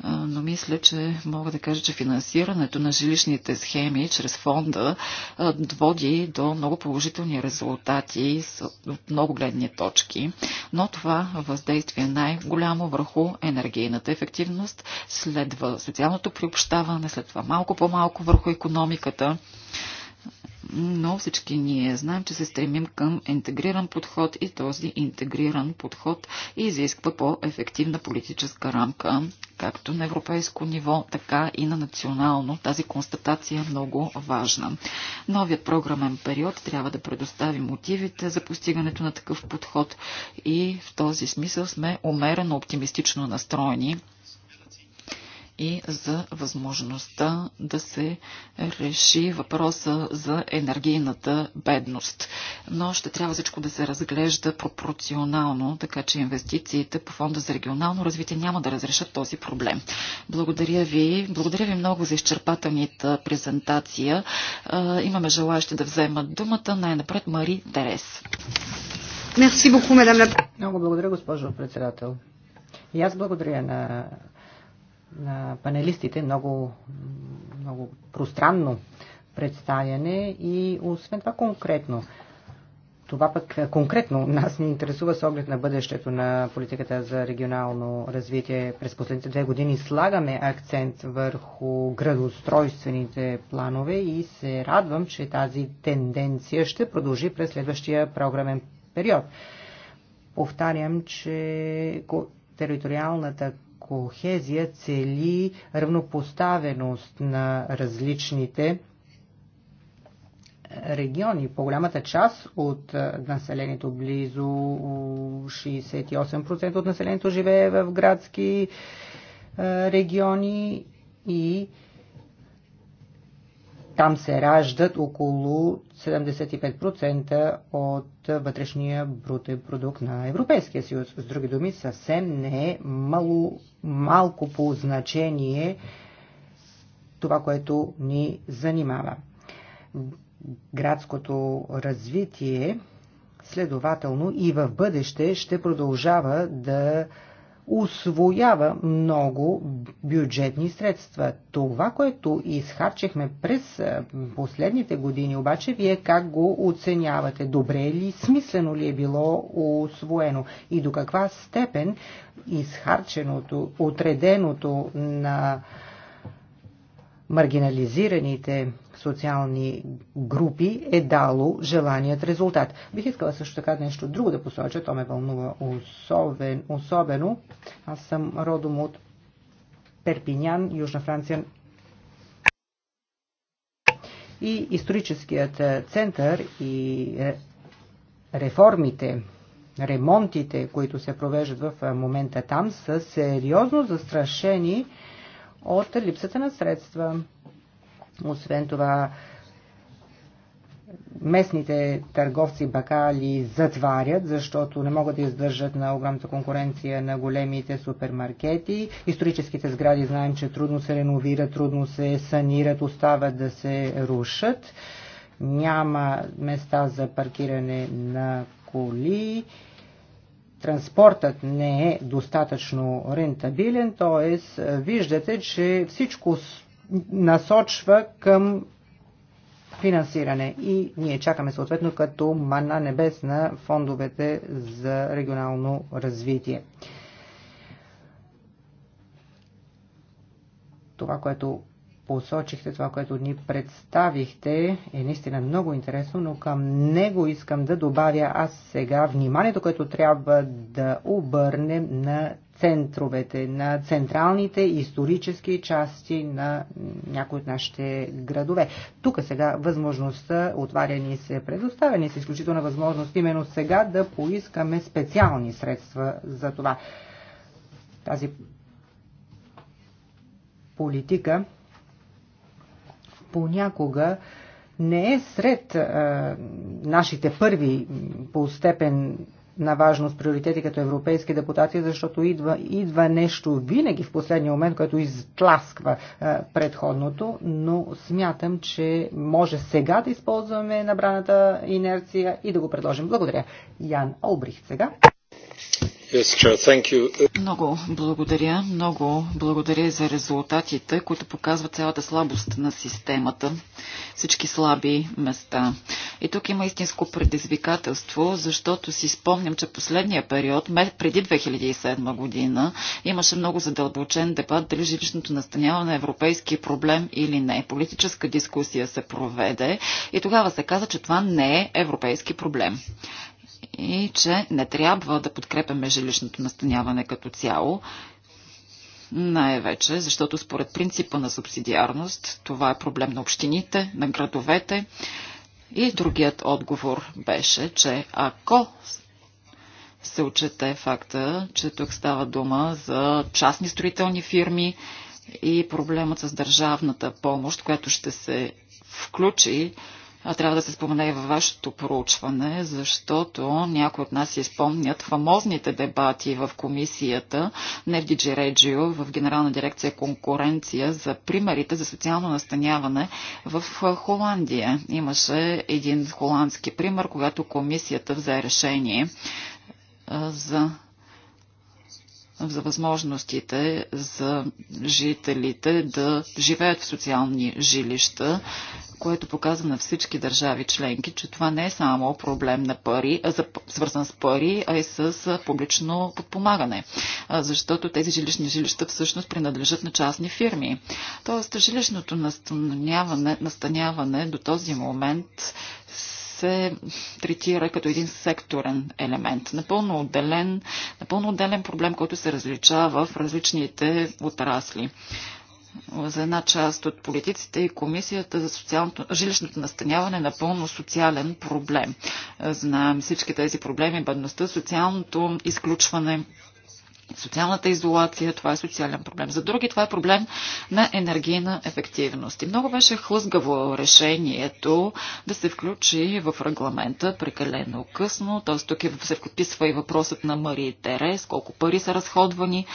Но мисля, че мога да кажа, че финансирането на жилищните схеми чрез фонда води до много положителни резултати от много гледни точки. Но това въздействие най-голямо върху енергийната ефективност, следва социалното приобщаване, след това малко по-малко върху економиката но всички ние знаем, че се стремим към интегриран подход и този интегриран подход изисква по-ефективна политическа рамка, както на европейско ниво, така и на национално. Тази констатация е много важна. Новият програмен период трябва да предостави мотивите за постигането на такъв подход и в този смисъл сме умерено оптимистично настроени и за възможността да се реши въпроса за енергийната бедност. Но ще трябва всичко да се разглежда пропорционално, така че инвестициите по Фонда за регионално развитие няма да разрешат този проблем. Благодаря ви. Благодаря ви много за изчерпателната презентация. Имаме желаящи да вземат думата. Най-напред Мари Терес. Много благодаря, госпожо председател. И аз благодаря на на панелистите. Много, много пространно представяне и освен това конкретно. Това пък е, конкретно нас ни интересува с оглед на бъдещето на политиката за регионално развитие. През последните две години слагаме акцент върху градоустройствените планове и се радвам, че тази тенденция ще продължи през следващия програмен период. Повтарям, че териториалната кохезия цели равнопоставеност на различните региони. По-голямата част от населението, близо 68% от населението живее в градски региони и там се раждат около 75% от вътрешния брутен продукт на Европейския съюз. С други думи, съвсем не е мало малко по значение това, което ни занимава. Градското развитие, следователно, и в бъдеще ще продължава да освоява много бюджетни средства. Това, което изхарчихме през последните години, обаче, вие как го оценявате? Добре ли, смислено ли е било освоено? И до каква степен изхарченото, отреденото на маргинализираните социални групи е дало желаният резултат. Бих искала също така нещо друго да посоча, то ме вълнува особен, особено. Аз съм родом от Перпинян, Южна Франция. И историческият е, център и е, реформите, ремонтите, които се провеждат в е, момента там, са сериозно застрашени от липсата на средства. Освен това, местните търговци бакали затварят, защото не могат да издържат на огромната конкуренция на големите супермаркети. Историческите сгради знаем, че трудно се реновират, трудно се санират, остават да се рушат. Няма места за паркиране на коли. Транспортът не е достатъчно рентабилен, т.е. виждате, че всичко насочва към финансиране. И ние чакаме съответно като мана небесна фондовете за регионално развитие. Това, което посочихте, това, което ни представихте, е наистина много интересно, но към него искам да добавя аз сега вниманието, което трябва да обърнем на центровете, на централните исторически части на някои от нашите градове. Тук сега възможността отваря ни се, предоставя ни се изключителна възможност именно сега да поискаме специални средства за това. Тази политика понякога не е сред а, нашите първи по степен на важност приоритети като европейски депутати, защото идва, идва нещо винаги в последния момент, което изтласква а, е, предходното, но смятам, че може сега да използваме набраната инерция и да го предложим. Благодаря. Ян Олбрих сега много благодаря. Много благодаря за резултатите, които показват цялата слабост на системата, всички слаби места. И тук има истинско предизвикателство, защото си спомням, че последния период, преди 2007 година, имаше много задълбочен дебат дали жилищното настаняване е европейски проблем или не. Политическа дискусия се проведе и тогава се каза, че това не е европейски проблем и че не трябва да подкрепяме жилищното настаняване като цяло, най-вече, защото според принципа на субсидиарност това е проблем на общините, на градовете. И другият отговор беше, че ако се отчете факта, че тук става дума за частни строителни фирми и проблемът с държавната помощ, която ще се включи трябва да се спомене и във вашето проучване, защото някои от нас изпомнят фамозните дебати в комисията не в в Генерална дирекция конкуренция за примерите за социално настаняване в Холандия. Имаше един холандски пример, когато комисията взе решение за за възможностите за жителите да живеят в социални жилища, което показва на всички държави членки, че това не е само проблем на пари, а свързан с пари, а и с публично подпомагане. Защото тези жилищни жилища всъщност принадлежат на частни фирми. Тоест, жилищното настаняване, настаняване до този момент се третира като един секторен елемент. Напълно отделен, напълно отделен проблем, който се различава в различните отрасли за една част от политиците и комисията за социалното, жилищното настаняване е напълно социален проблем. Знаем всички тези проблеми, бедността, социалното изключване, социалната изолация, това е социален проблем. За други това е проблем на енергийна ефективност. И много беше хлъзгаво решението да се включи в регламента прекалено късно, т.е. тук е- се вписва и въпросът на Мария Терес, колко пари са разходвани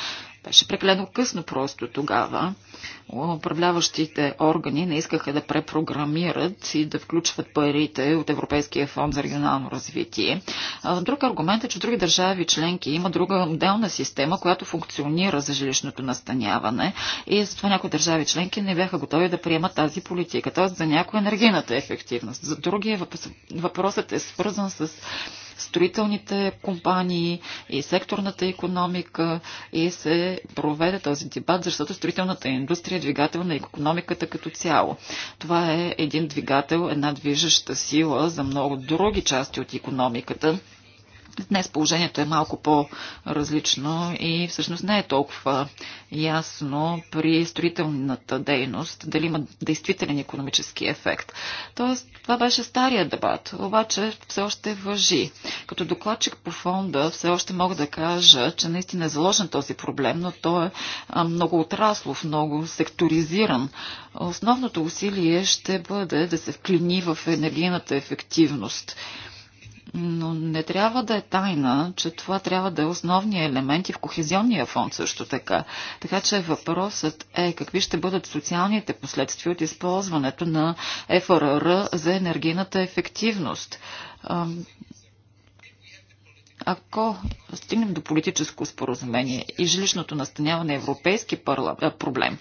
беше прекалено късно просто тогава. Управляващите органи не искаха да препрограмират и да включват парите от Европейския фонд за регионално развитие. Друг аргумент е, че други държави членки има друга отделна система, която функционира за жилищното настаняване и затова някои държави членки не бяха готови да приемат тази политика. Тоест за някои енергийната ефективност. За други въпросът е свързан с строителните компании и секторната економика и се проведе този дебат, защото строителната индустрия е двигател на економиката като цяло. Това е един двигател, една движеща сила за много други части от економиката Днес положението е малко по-различно и всъщност не е толкова ясно при строителната дейност дали има действителен економически ефект. Тоест, това беше стария дебат, обаче все още въжи. Като докладчик по фонда все още мога да кажа, че наистина е заложен този проблем, но той е много отраслов, много секторизиран. Основното усилие ще бъде да се вклини в енергийната ефективност. Но не трябва да е тайна, че това трябва да е основния елемент и в Кохезионния фонд също така. Така че въпросът е какви ще бъдат социалните последствия от използването на ФРР за енергийната ефективност. Ако стигнем до политическо споразумение и жилищното настаняване е европейски проблем,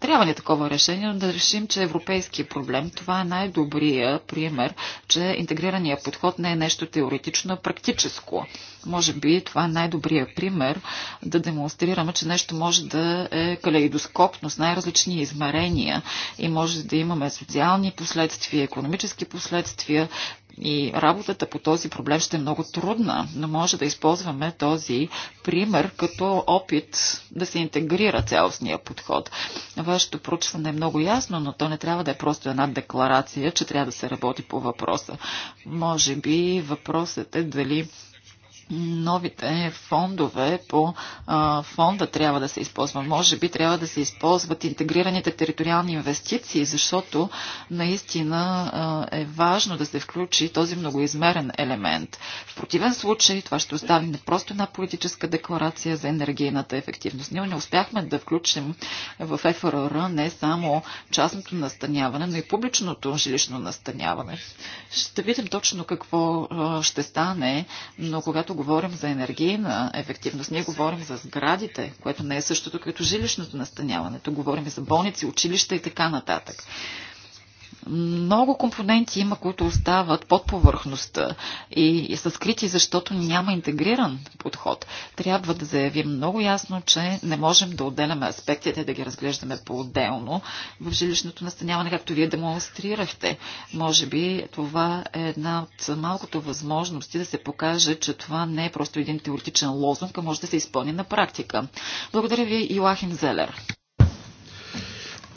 трябва ни такова решение, но да решим, че е европейски проблем. Това е най-добрия пример, че интегрирания подход не е нещо теоретично, а практическо. Може би това е най-добрия пример да демонстрираме, че нещо може да е калейдоскопно с най-различни измерения и може да имаме социални последствия, економически последствия, и работата по този проблем ще е много трудна, но може да използваме този пример като опит да се интегрира цялостния подход. Вашето проучване е много ясно, но то не трябва да е просто една декларация, че трябва да се работи по въпроса. Може би въпросът е дали новите фондове по фонда трябва да се използват. Може би трябва да се използват интегрираните териториални инвестиции, защото наистина е важно да се включи този многоизмерен елемент. В противен случай това ще остави не просто една политическа декларация за енергийната ефективност. Ние не успяхме да включим в ФРР не само частното настаняване, но и публичното жилищно настаняване. Ще видим точно какво ще стане, но когато говорим за енергийна ефективност, ние говорим за сградите, което не е същото като жилищното настаняването. говорим за болници, училища и така нататък. Много компоненти има, които остават под повърхността и, и са скрити, защото няма интегриран подход. Трябва да заявим много ясно, че не можем да отделяме аспектите, да ги разглеждаме по-отделно в жилищното настаняване, както вие демонстрирахте. Може би това е една от малкото възможности да се покаже, че това не е просто един теоретичен лозунг, а може да се изпълни на практика. Благодаря ви, Илахин Зелер.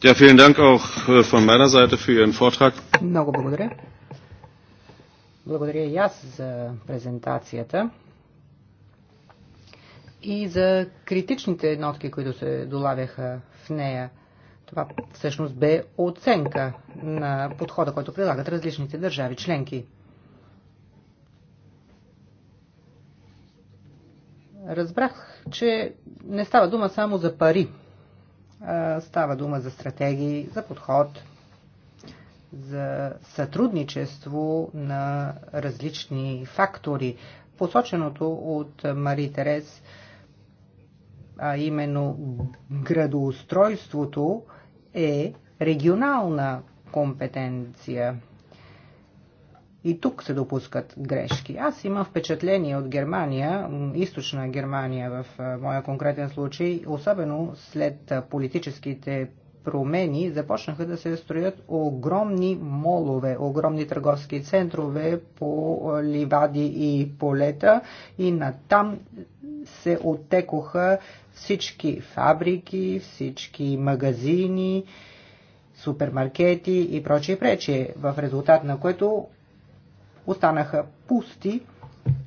Ja, vielen Dank auch äh, von meiner Seite für Ihren Vortrag. Много благодаря. Благодаря и аз за презентацията и за критичните нотки, които се долавяха в нея. Това всъщност бе оценка на подхода, който прилагат различните държави членки. Разбрах, че не става дума само за пари Става дума за стратегии, за подход, за сътрудничество на различни фактори. Посоченото от Мари Терес, а именно градоустройството, е регионална компетенция и тук се допускат грешки. Аз имам впечатление от Германия, източна Германия в моя конкретен случай, особено след политическите промени започнаха да се строят огромни молове, огромни търговски центрове по ливади и полета и натам се оттекоха всички фабрики, всички магазини, супермаркети и прочие пречи, в резултат на което останаха пусти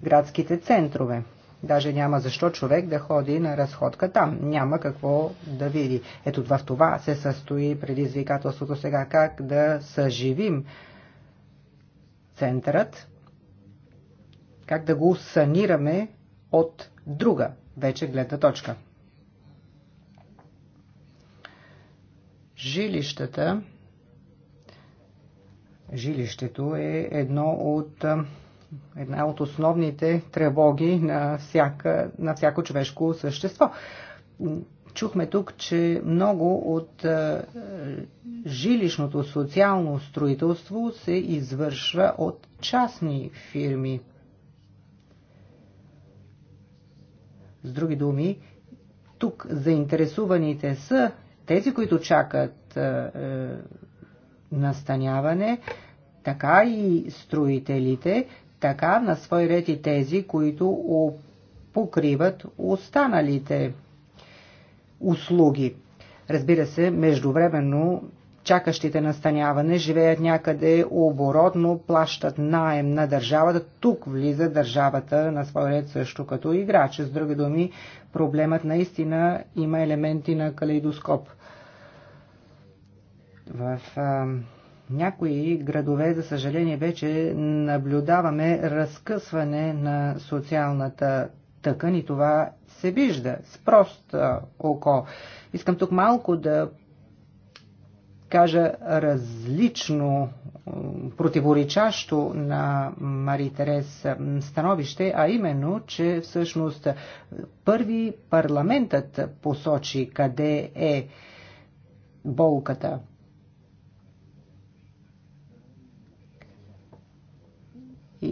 градските центрове. Даже няма защо човек да ходи на разходка там. Няма какво да види. Ето в това се състои предизвикателството сега. Как да съживим центърът, как да го санираме от друга вече гледна точка. Жилищата жилището е едно от, една от основните тревоги на, всяка, на всяко човешко същество. Чухме тук, че много от жилищното социално строителство се извършва от частни фирми. С други думи, тук заинтересуваните са тези, които чакат настаняване, така и строителите, така на свой ред и тези, които покриват останалите услуги. Разбира се, междувременно чакащите настаняване живеят някъде оборотно, плащат найем на държавата. Тук влиза държавата на свой ред също като играч. С други думи, проблемът наистина има елементи на калейдоскоп – в а, някои градове, за съжаление, вече наблюдаваме разкъсване на социалната тъкан и това се вижда с прост око. Искам тук малко да кажа различно, противоречащо на Мари Терес становище, а именно, че всъщност първи парламентът посочи къде е болката –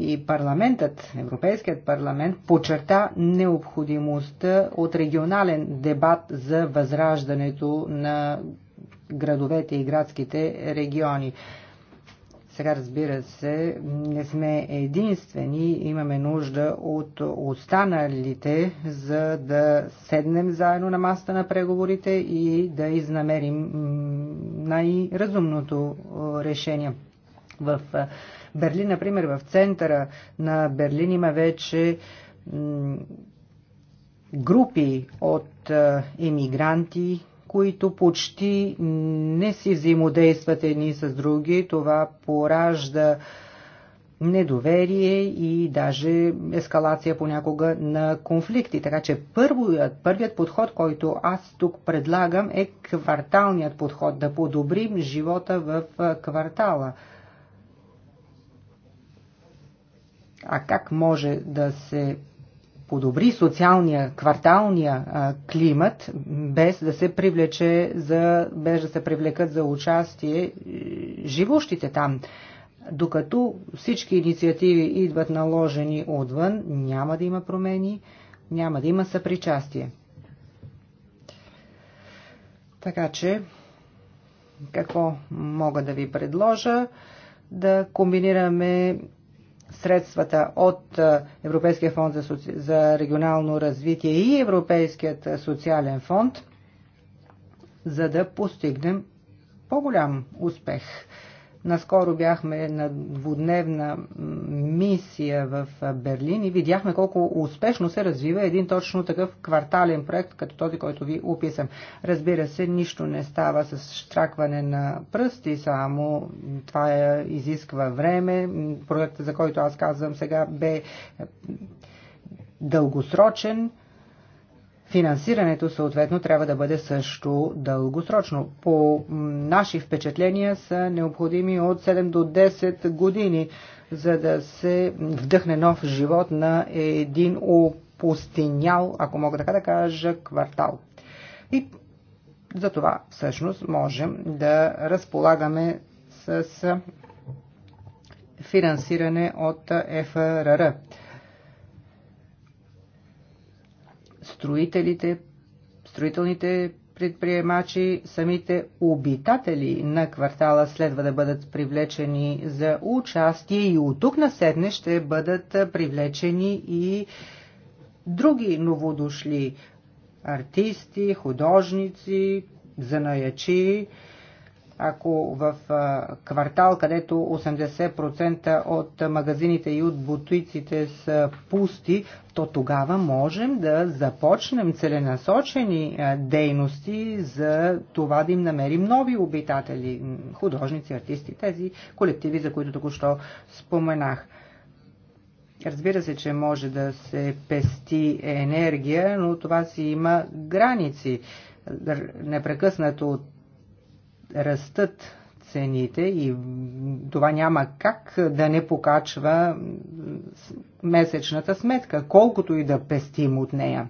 И парламентът, Европейският парламент, подчерта необходимостта от регионален дебат за възраждането на градовете и градските региони. Сега, разбира се, не сме единствени, имаме нужда от останалите, за да седнем заедно на масата на преговорите и да изнамерим най-разумното решение в Берлин, например, в центъра на Берлин има вече групи от емигранти, които почти не си взаимодействат едни с други. Това поражда недоверие и даже ескалация понякога на конфликти. Така че първият, първият подход, който аз тук предлагам е кварталният подход, да подобрим живота в квартала. А как може да се подобри социалния, кварталния а, климат, без да се привлече за, без да се привлекат за участие е, живущите там. Докато всички инициативи идват наложени отвън, няма да има промени, няма да има съпричастие. Така че, какво мога да ви предложа? Да комбинираме средствата от е, Европейския фонд за, регионално развитие и Европейският е, социален фонд, за да постигнем по-голям успех. Наскоро бяхме на двудневна мисия в Берлин и видяхме колко успешно се развива един точно такъв квартален проект, като този, който ви описам. Разбира се, нищо не става с штракване на пръсти, само това е, изисква време. Проектът, за който аз казвам сега, бе дългосрочен Финансирането съответно трябва да бъде също дългосрочно. По наши впечатления са необходими от 7 до 10 години, за да се вдъхне нов живот на един опустинял, ако мога така да кажа, квартал. И за това всъщност можем да разполагаме с финансиране от ФРР. строителите, строителните предприемачи, самите обитатели на квартала следва да бъдат привлечени за участие и от тук седне ще бъдат привлечени и други новодошли артисти, художници, занаячи, ако в квартал, където 80% от магазините и от бутиците са пусти, то тогава можем да започнем целенасочени дейности за това да им намерим нови обитатели, художници, артисти, тези колективи, за които току-що споменах. Разбира се, че може да се пести енергия, но това си има граници непрекъснато растат цените и това няма как да не покачва месечната сметка, колкото и да пестим от нея.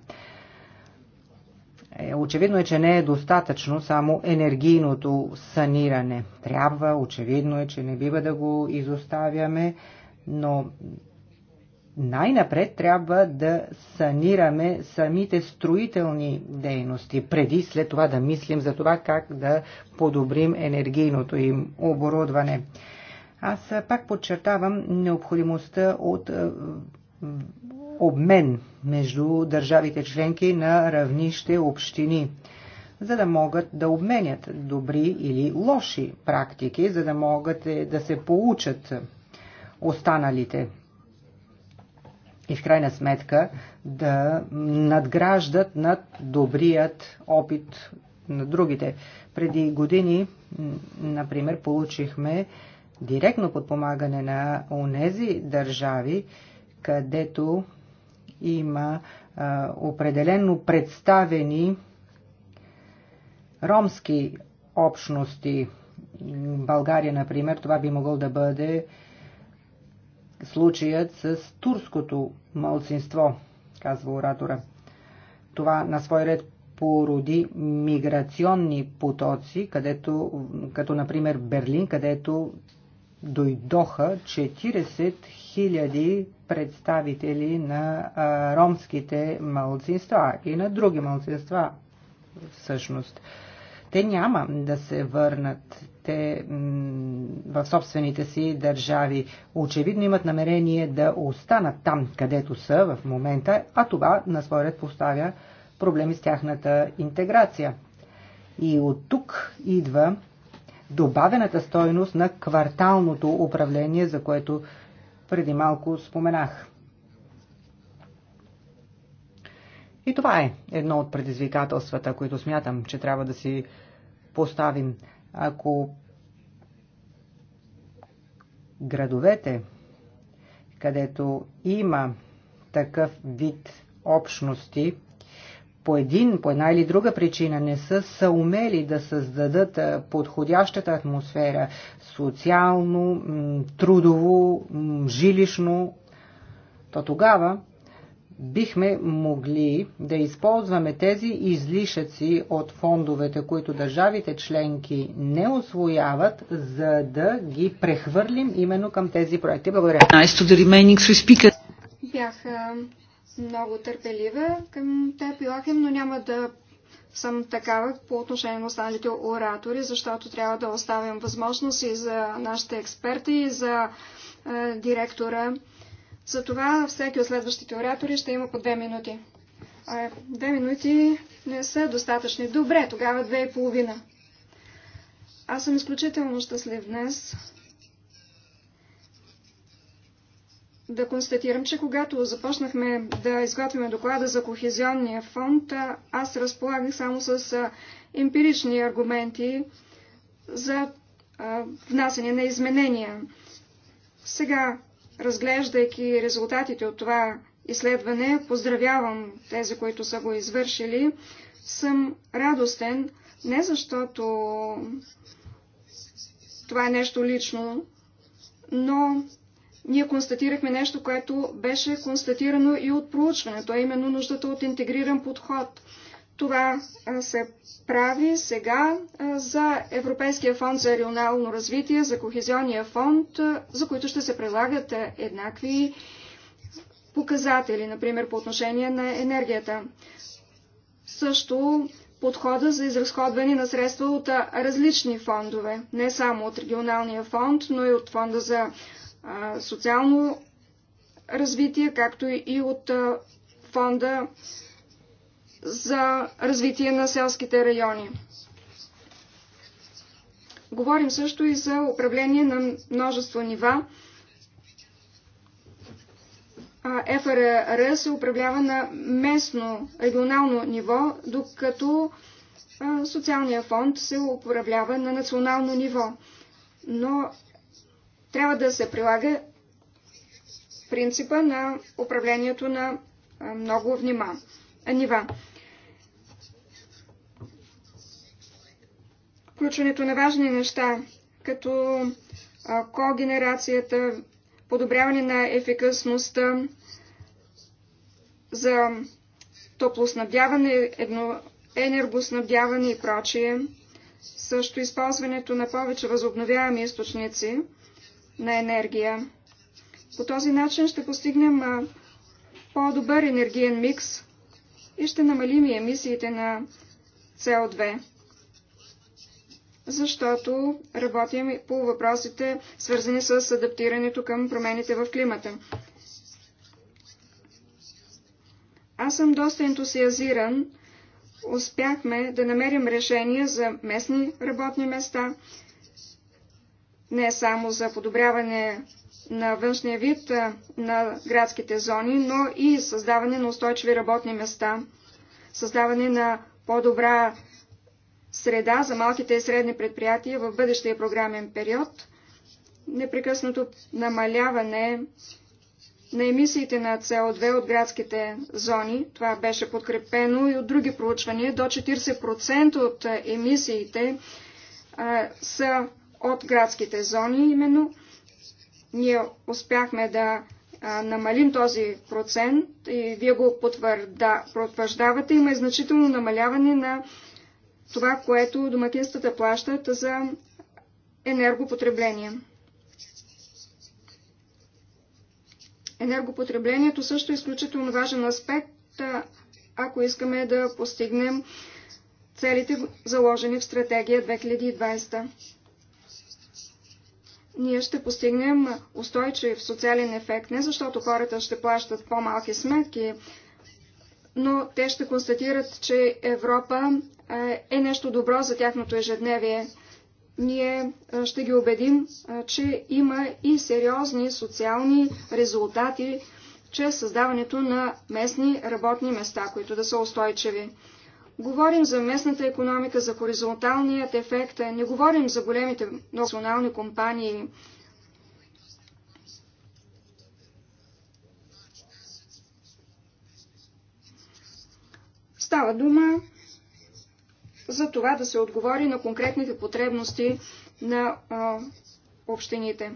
Е, очевидно е, че не е достатъчно само енергийното саниране. Трябва, очевидно е, че не бива да го изоставяме, но най-напред трябва да санираме самите строителни дейности, преди след това да мислим за това как да подобрим енергийното им оборудване. Аз пак подчертавам необходимостта от обмен между държавите членки на равнище общини за да могат да обменят добри или лоши практики, за да могат е, да се получат останалите и в крайна сметка да надграждат над добрият опит на другите. Преди години, например, получихме директно подпомагане на онези държави, където има а, определено представени ромски общности. България, например, това би могъл да бъде а, случаят с турското малцинство, казва оратора. Това на свой ред породи миграционни потоци, където, като например Берлин, където дойдоха 40 000 представители на ромските малцинства и на други малцинства всъщност. Те няма да се върнат собствените, в собствените си държави. Очевидно имат намерение да останат там, където са в момента, а това на своя ред поставя проблеми с тяхната интеграция. И от тук идва добавената стойност на кварталното управление, за което преди малко споменах. И това е едно от предизвикателствата, които смятам, че трябва да си поставим. Ако градовете, където има такъв вид общности, по един, по една или друга причина не са съумели да създадат подходящата атмосфера социално, трудово, жилищно, то тогава бихме могли да използваме тези излишъци от фондовете, които държавите членки не освояват, за да ги прехвърлим именно към тези проекти. Благодаря. Бях много търпелива към теб, Йоахим, но няма да съм такава по отношение на останалите оратори, защото трябва да оставям възможност и за нашите експерти, и за е, директора за това всеки от следващите оратори ще има по две минути. А, две минути не са достатъчни. Добре, тогава две и половина. Аз съм изключително щастлив днес да констатирам, че когато започнахме да изготвяме доклада за Кохезионния фонд, аз разполагах само с емпирични аргументи за внасяне на изменения. Сега Разглеждайки резултатите от това изследване, поздравявам тези, които са го извършили. Съм радостен не защото това е нещо лично, но ние констатирахме нещо, което беше констатирано и от проучването, а именно нуждата от интегриран подход – това се прави сега за Европейския фонд за регионално развитие, за Кохезионния фонд, за които ще се прилагат еднакви показатели, например по отношение на енергията. Също подхода за изразходване на средства от различни фондове, не само от регионалния фонд, но и от фонда за социално развитие, както и от фонда за развитие на селските райони. Говорим също и за управление на множество нива. ФРР се управлява на местно, регионално ниво, докато социалния фонд се управлява на национално ниво. Но трябва да се прилага принципа на управлението на много внима, нива. включването на важни неща, като когенерацията, подобряване на ефикасността за топлоснабдяване, едно, енергоснабдяване и прочие, също използването на повече възобновяеми източници на енергия. По този начин ще постигнем по-добър енергиен микс и ще намалим и емисиите на со 2 защото работим по въпросите, свързани с адаптирането към промените в климата. Аз съм доста ентусиазиран. Успяхме да намерим решение за местни работни места, не само за подобряване на външния вид на градските зони, но и създаване на устойчиви работни места, създаване на по-добра среда за малките и средни предприятия в бъдещия програмен период, непрекъснато намаляване на емисиите на СО2 от градските зони. Това беше подкрепено и от други проучвания. До 40% от емисиите а, са от градските зони именно. Ние успяхме да а, намалим този процент и вие го потвърждавате. Има и значително намаляване на това, което домакинствата плащат за енергопотребление. Енергопотреблението също е изключително важен аспект, ако искаме да постигнем целите заложени в стратегия 2020. Ние ще постигнем устойчив социален ефект не защото хората ще плащат по-малки сметки, но те ще констатират, че Европа е нещо добро за тяхното ежедневие. Ние ще ги убедим, че има и сериозни социални резултати чрез създаването на местни работни места, които да са устойчиви. Говорим за местната економика, за хоризонталният ефект, не говорим за големите национални компании, Става дума за това да се отговори на конкретните потребности на а, общините.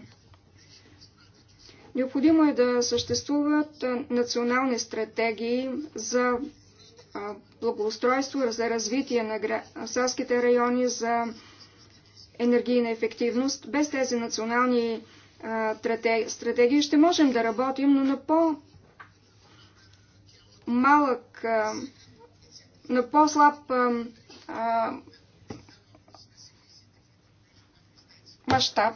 Необходимо е да съществуват национални стратегии за благоустройство, за развитие на селските райони, за енергийна ефективност. Без тези национални стратегии ще можем да работим, но на по-малък на по-слаб мащаб.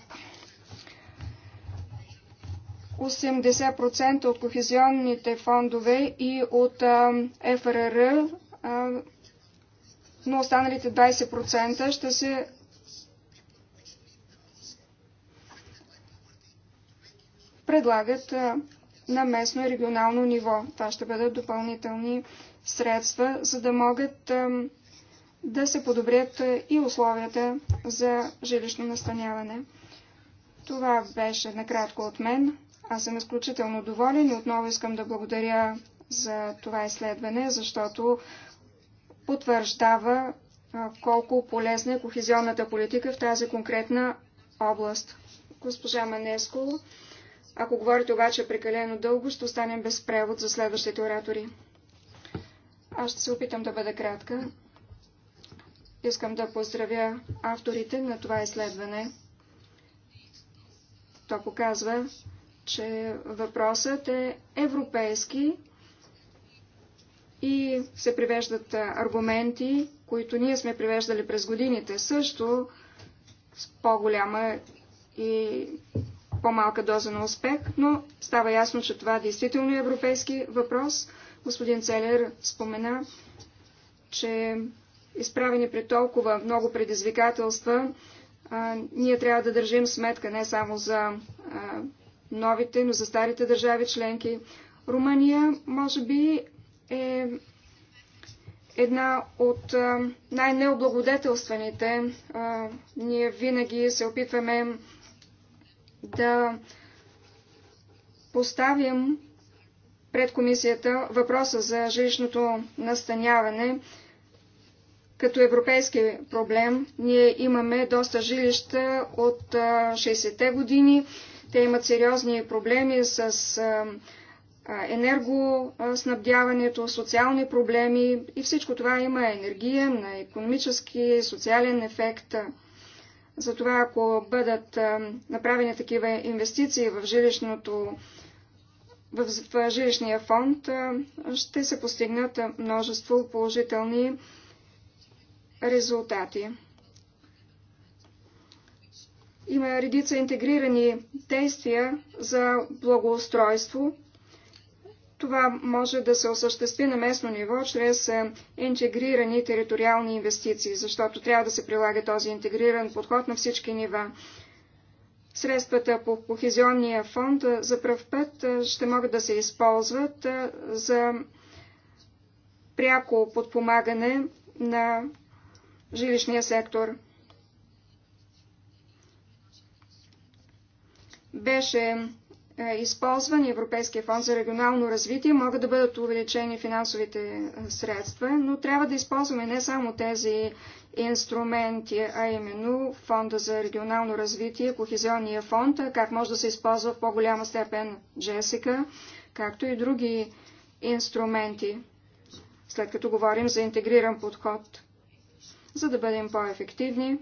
80% от кохезионните фондове и от ФРР, но останалите 20% ще се предлагат на местно и регионално ниво. Това ще бъдат допълнителни средства, за да могат да се подобрят и условията за жилищно настаняване. Това беше накратко от мен. Аз съм изключително доволен и отново искам да благодаря за това изследване, защото потвърждава колко полезна е кохезионната политика в тази конкретна област. Госпожа Манеско, ако говорите обаче прекалено дълго, ще останем без превод за следващите оратори. Аз ще се опитам да бъда кратка. Искам да поздравя авторите на това изследване. То показва, че въпросът е европейски и се привеждат аргументи, които ние сме привеждали през годините също с по-голяма и по-малка доза на успех, но става ясно, че това е действително европейски въпрос – Господин Целер спомена, че изправени при толкова много предизвикателства, а, ние трябва да държим сметка не само за а, новите, но за старите държави членки. Румъния, може би, е една от най-необлагодетелстваните. Ние винаги се опитваме да поставим пред комисията въпроса за жилищното настаняване като европейски проблем. Ние имаме доста жилища от 60-те години. Те имат сериозни проблеми с енергоснабдяването, социални проблеми и всичко това има енергиен, економически, социален ефект. Затова ако бъдат направени такива инвестиции в жилищното в жилищния фонд ще се постигнат множество положителни резултати. Има редица интегрирани действия за благоустройство. Това може да се осъществи на местно ниво чрез интегрирани териториални инвестиции, защото трябва да се прилага този интегриран подход на всички нива. Средствата по Кохезионния фонд за пръв път ще могат да се използват за пряко подпомагане на жилищния сектор. Беше е, използван Европейския фонд за регионално развитие, могат да бъдат увеличени финансовите е, средства, но трябва да използваме не само тези инструменти, а именно фонда за регионално развитие, кохезионния фонд, е, как може да се използва в по-голяма степен Джесика, както и други инструменти, след като говорим за интегриран подход, за да бъдем по-ефективни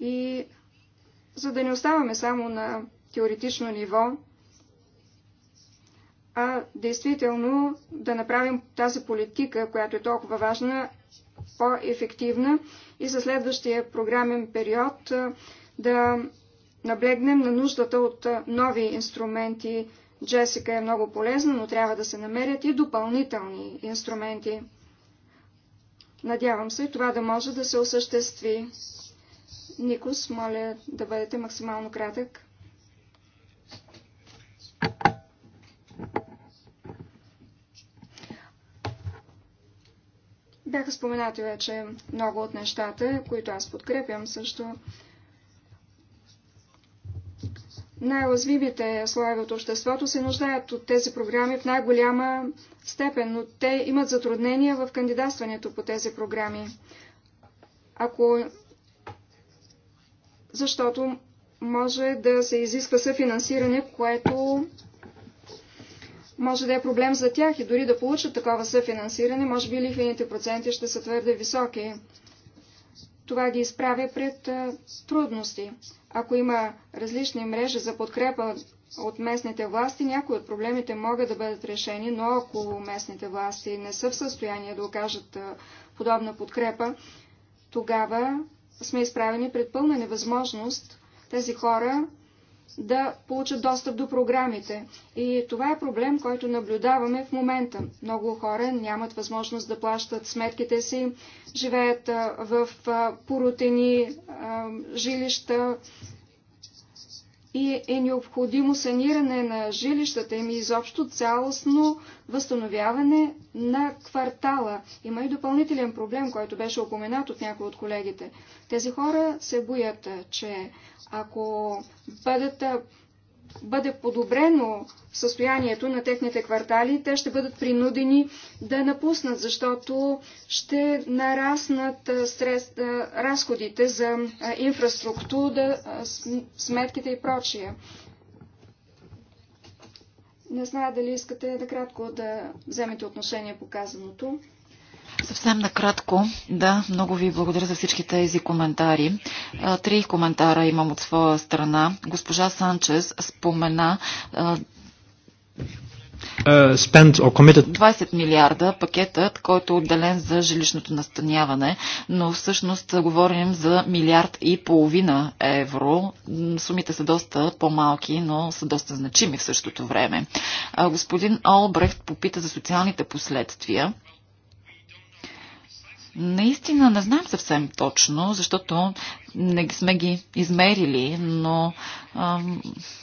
и за да не оставаме само на теоретично ниво, а действително да направим тази политика, която е толкова важна, по-ефективна и за следващия програмен период да наблегнем на нуждата от нови инструменти. Джесика е много полезна, но трябва да се намерят и допълнителни инструменти. Надявам се това да може да се осъществи. Никос, моля да бъдете максимално кратък. Бяха споменати вече много от нещата, които аз подкрепям също. Най-уязвимите слоеве от обществото се нуждаят от тези програми в най-голяма степен, но те имат затруднения в кандидатстването по тези програми. Ако защото може да се изисква съфинансиране, което може да е проблем за тях и дори да получат такова съфинансиране, може би лихвените проценти ще са твърде високи. Това ги изправя пред а, трудности. Ако има различни мрежи за подкрепа от местните власти, някои от проблемите могат да бъдат решени, но ако местните власти не са в състояние да окажат а, подобна подкрепа, тогава сме изправени пред пълна невъзможност тези хора да получат достъп до програмите. И това е проблем, който наблюдаваме в момента. Много хора нямат възможност да плащат сметките си, живеят в порутени жилища, и е необходимо саниране на жилищата им и изобщо цялостно възстановяване на квартала. Има и допълнителен проблем, който беше упоменат от някои от колегите. Тези хора се боят, че ако бъдат бъде подобрено състоянието на техните квартали, те ще бъдат принудени да напуснат, защото ще нараснат сред, разходите за инфраструктура, сметките и прочие. Не зная дали искате накратко да вземете отношение по казаното. Съвсем накратко, да, много ви благодаря за всички тези коментари. Три коментара имам от своя страна. Госпожа Санчес спомена 20 uh, милиарда пакетът, който е отделен за жилищното настаняване, но всъщност говорим за милиард и половина евро. Сумите са доста по-малки, но са доста значими в същото време. Господин Олбрехт попита за социалните последствия. Наистина не знам съвсем точно, защото не сме ги измерили, но а,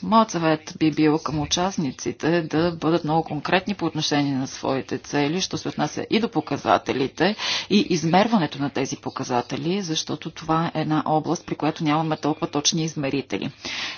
моят съвет би бил към участниците да бъдат много конкретни по отношение на своите цели, що се отнася и до показателите и измерването на тези показатели, защото това е една област, при която нямаме толкова точни измерители.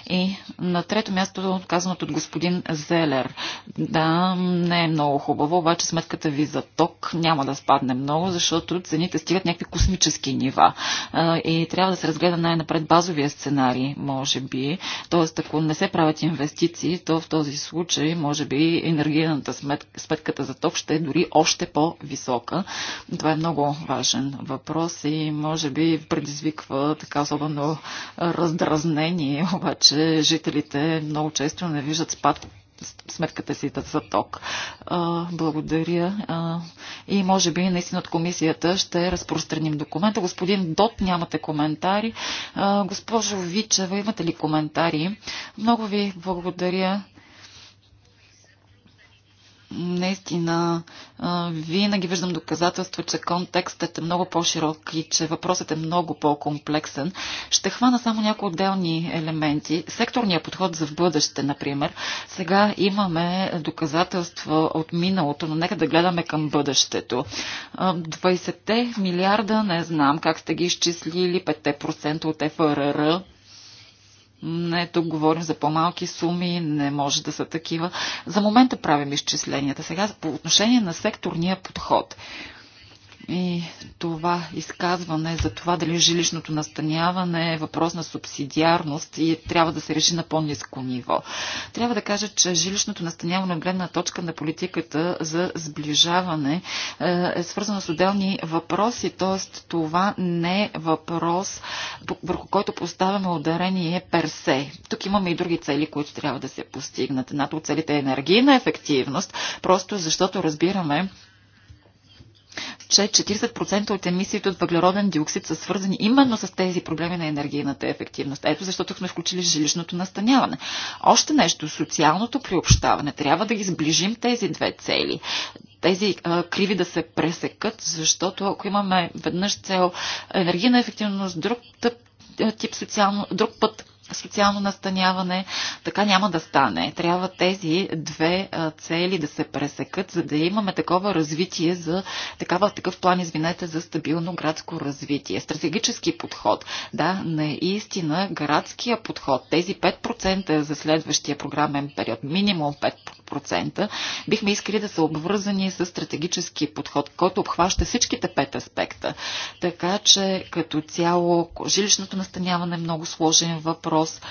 И на трето място, казаното от господин Зелер. Да, не е много хубаво, обаче сметката ви за ток няма да спадне много, защото цените стигат някакви космически нива. А, и трябва да се разглежда разгледа най-напред базовия сценарий, може би. Тоест, ако не се правят инвестиции, то в този случай, може би, енергийната сметката за ток ще е дори още по-висока. Това е много важен въпрос и може би предизвиква така особено раздразнение, обаче жителите много често не виждат спад сметката си за ток. Благодаря. И може би наистина от комисията ще разпространим документа. Господин Дот, нямате коментари. Госпожо Вичева, имате ли коментари? Много ви благодаря наистина винаги виждам доказателства, че контекстът е много по-широк и че въпросът е много по-комплексен. Ще хвана само някои отделни елементи. Секторният подход за в бъдеще, например. Сега имаме доказателства от миналото, но нека да гледаме към бъдещето. 20 милиарда, не знам как сте ги изчислили, 5% от ФРР, не, тук говорим за по-малки суми, не може да са такива. За момента правим изчисленията. Сега по отношение на секторния подход. И това изказване за това дали жилищното настаняване е въпрос на субсидиарност и трябва да се реши на по-низко ниво. Трябва да кажа, че жилищното настаняване гледна точка на политиката за сближаване е, е свързано с отделни въпроси, т.е. това не е въпрос, върху който поставяме ударение персе. Тук имаме и други цели, които трябва да се постигнат. Едната от целите е енергийна ефективност, просто защото разбираме, че 40% от емисиите от въглероден диоксид са свързани именно с тези проблеми на енергийната ефективност. Ето защото сме включили жилищното настаняване. Още нещо, социалното приобщаване. Трябва да ги сближим тези две цели. Тези а, криви да се пресекат, защото ако имаме веднъж цел енергийна ефективност, друг тип социално, друг път социално настаняване. Така няма да стане. Трябва тези две цели да се пресекат, за да имаме такова развитие за такава, такъв план, извинете, за стабилно градско развитие. Стратегически подход. Да, наистина градския подход, тези 5% за следващия програмен период, минимум 5%, бихме искали да са обвързани с стратегически подход, който обхваща всичките пет аспекта. Така че като цяло жилищното настаняване е много сложен въпрос въпрос.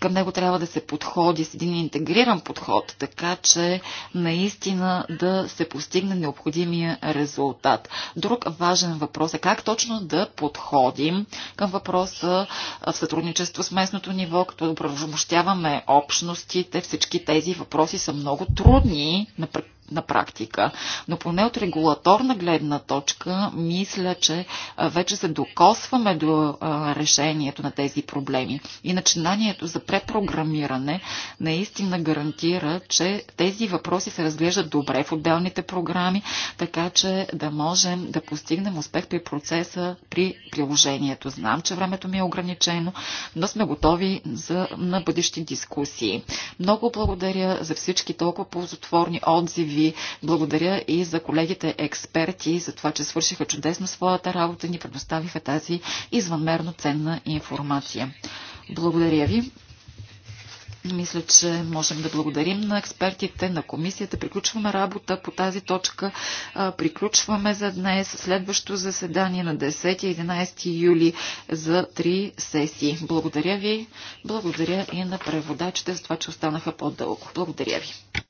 Към него трябва да се подходи с един интегриран подход, така че наистина да се постигне необходимия резултат. Друг важен въпрос е как точно да подходим към въпроса в сътрудничество с местното ниво, като да правомощяваме общностите. Всички тези въпроси са много трудни на на практика. Но поне от регулаторна гледна точка, мисля, че вече се докосваме до решението на тези проблеми. И начинанието за препрограмиране наистина гарантира, че тези въпроси се разглеждат добре в отделните програми, така че да можем да постигнем успех при процеса при приложението. Знам, че времето ми е ограничено, но сме готови за, на бъдещи дискусии. Много благодаря за всички толкова ползотворни отзиви ви благодаря и за колегите експерти, за това, че свършиха чудесно своята работа и ни предоставиха тази извънмерно ценна информация. Благодаря ви. Мисля, че можем да благодарим на експертите, на комисията. Приключваме работа по тази точка. Приключваме за днес следващото заседание на 10-11 юли за три сесии. Благодаря ви. Благодаря и на преводачите за това, че останаха по-дълго. Благодаря ви.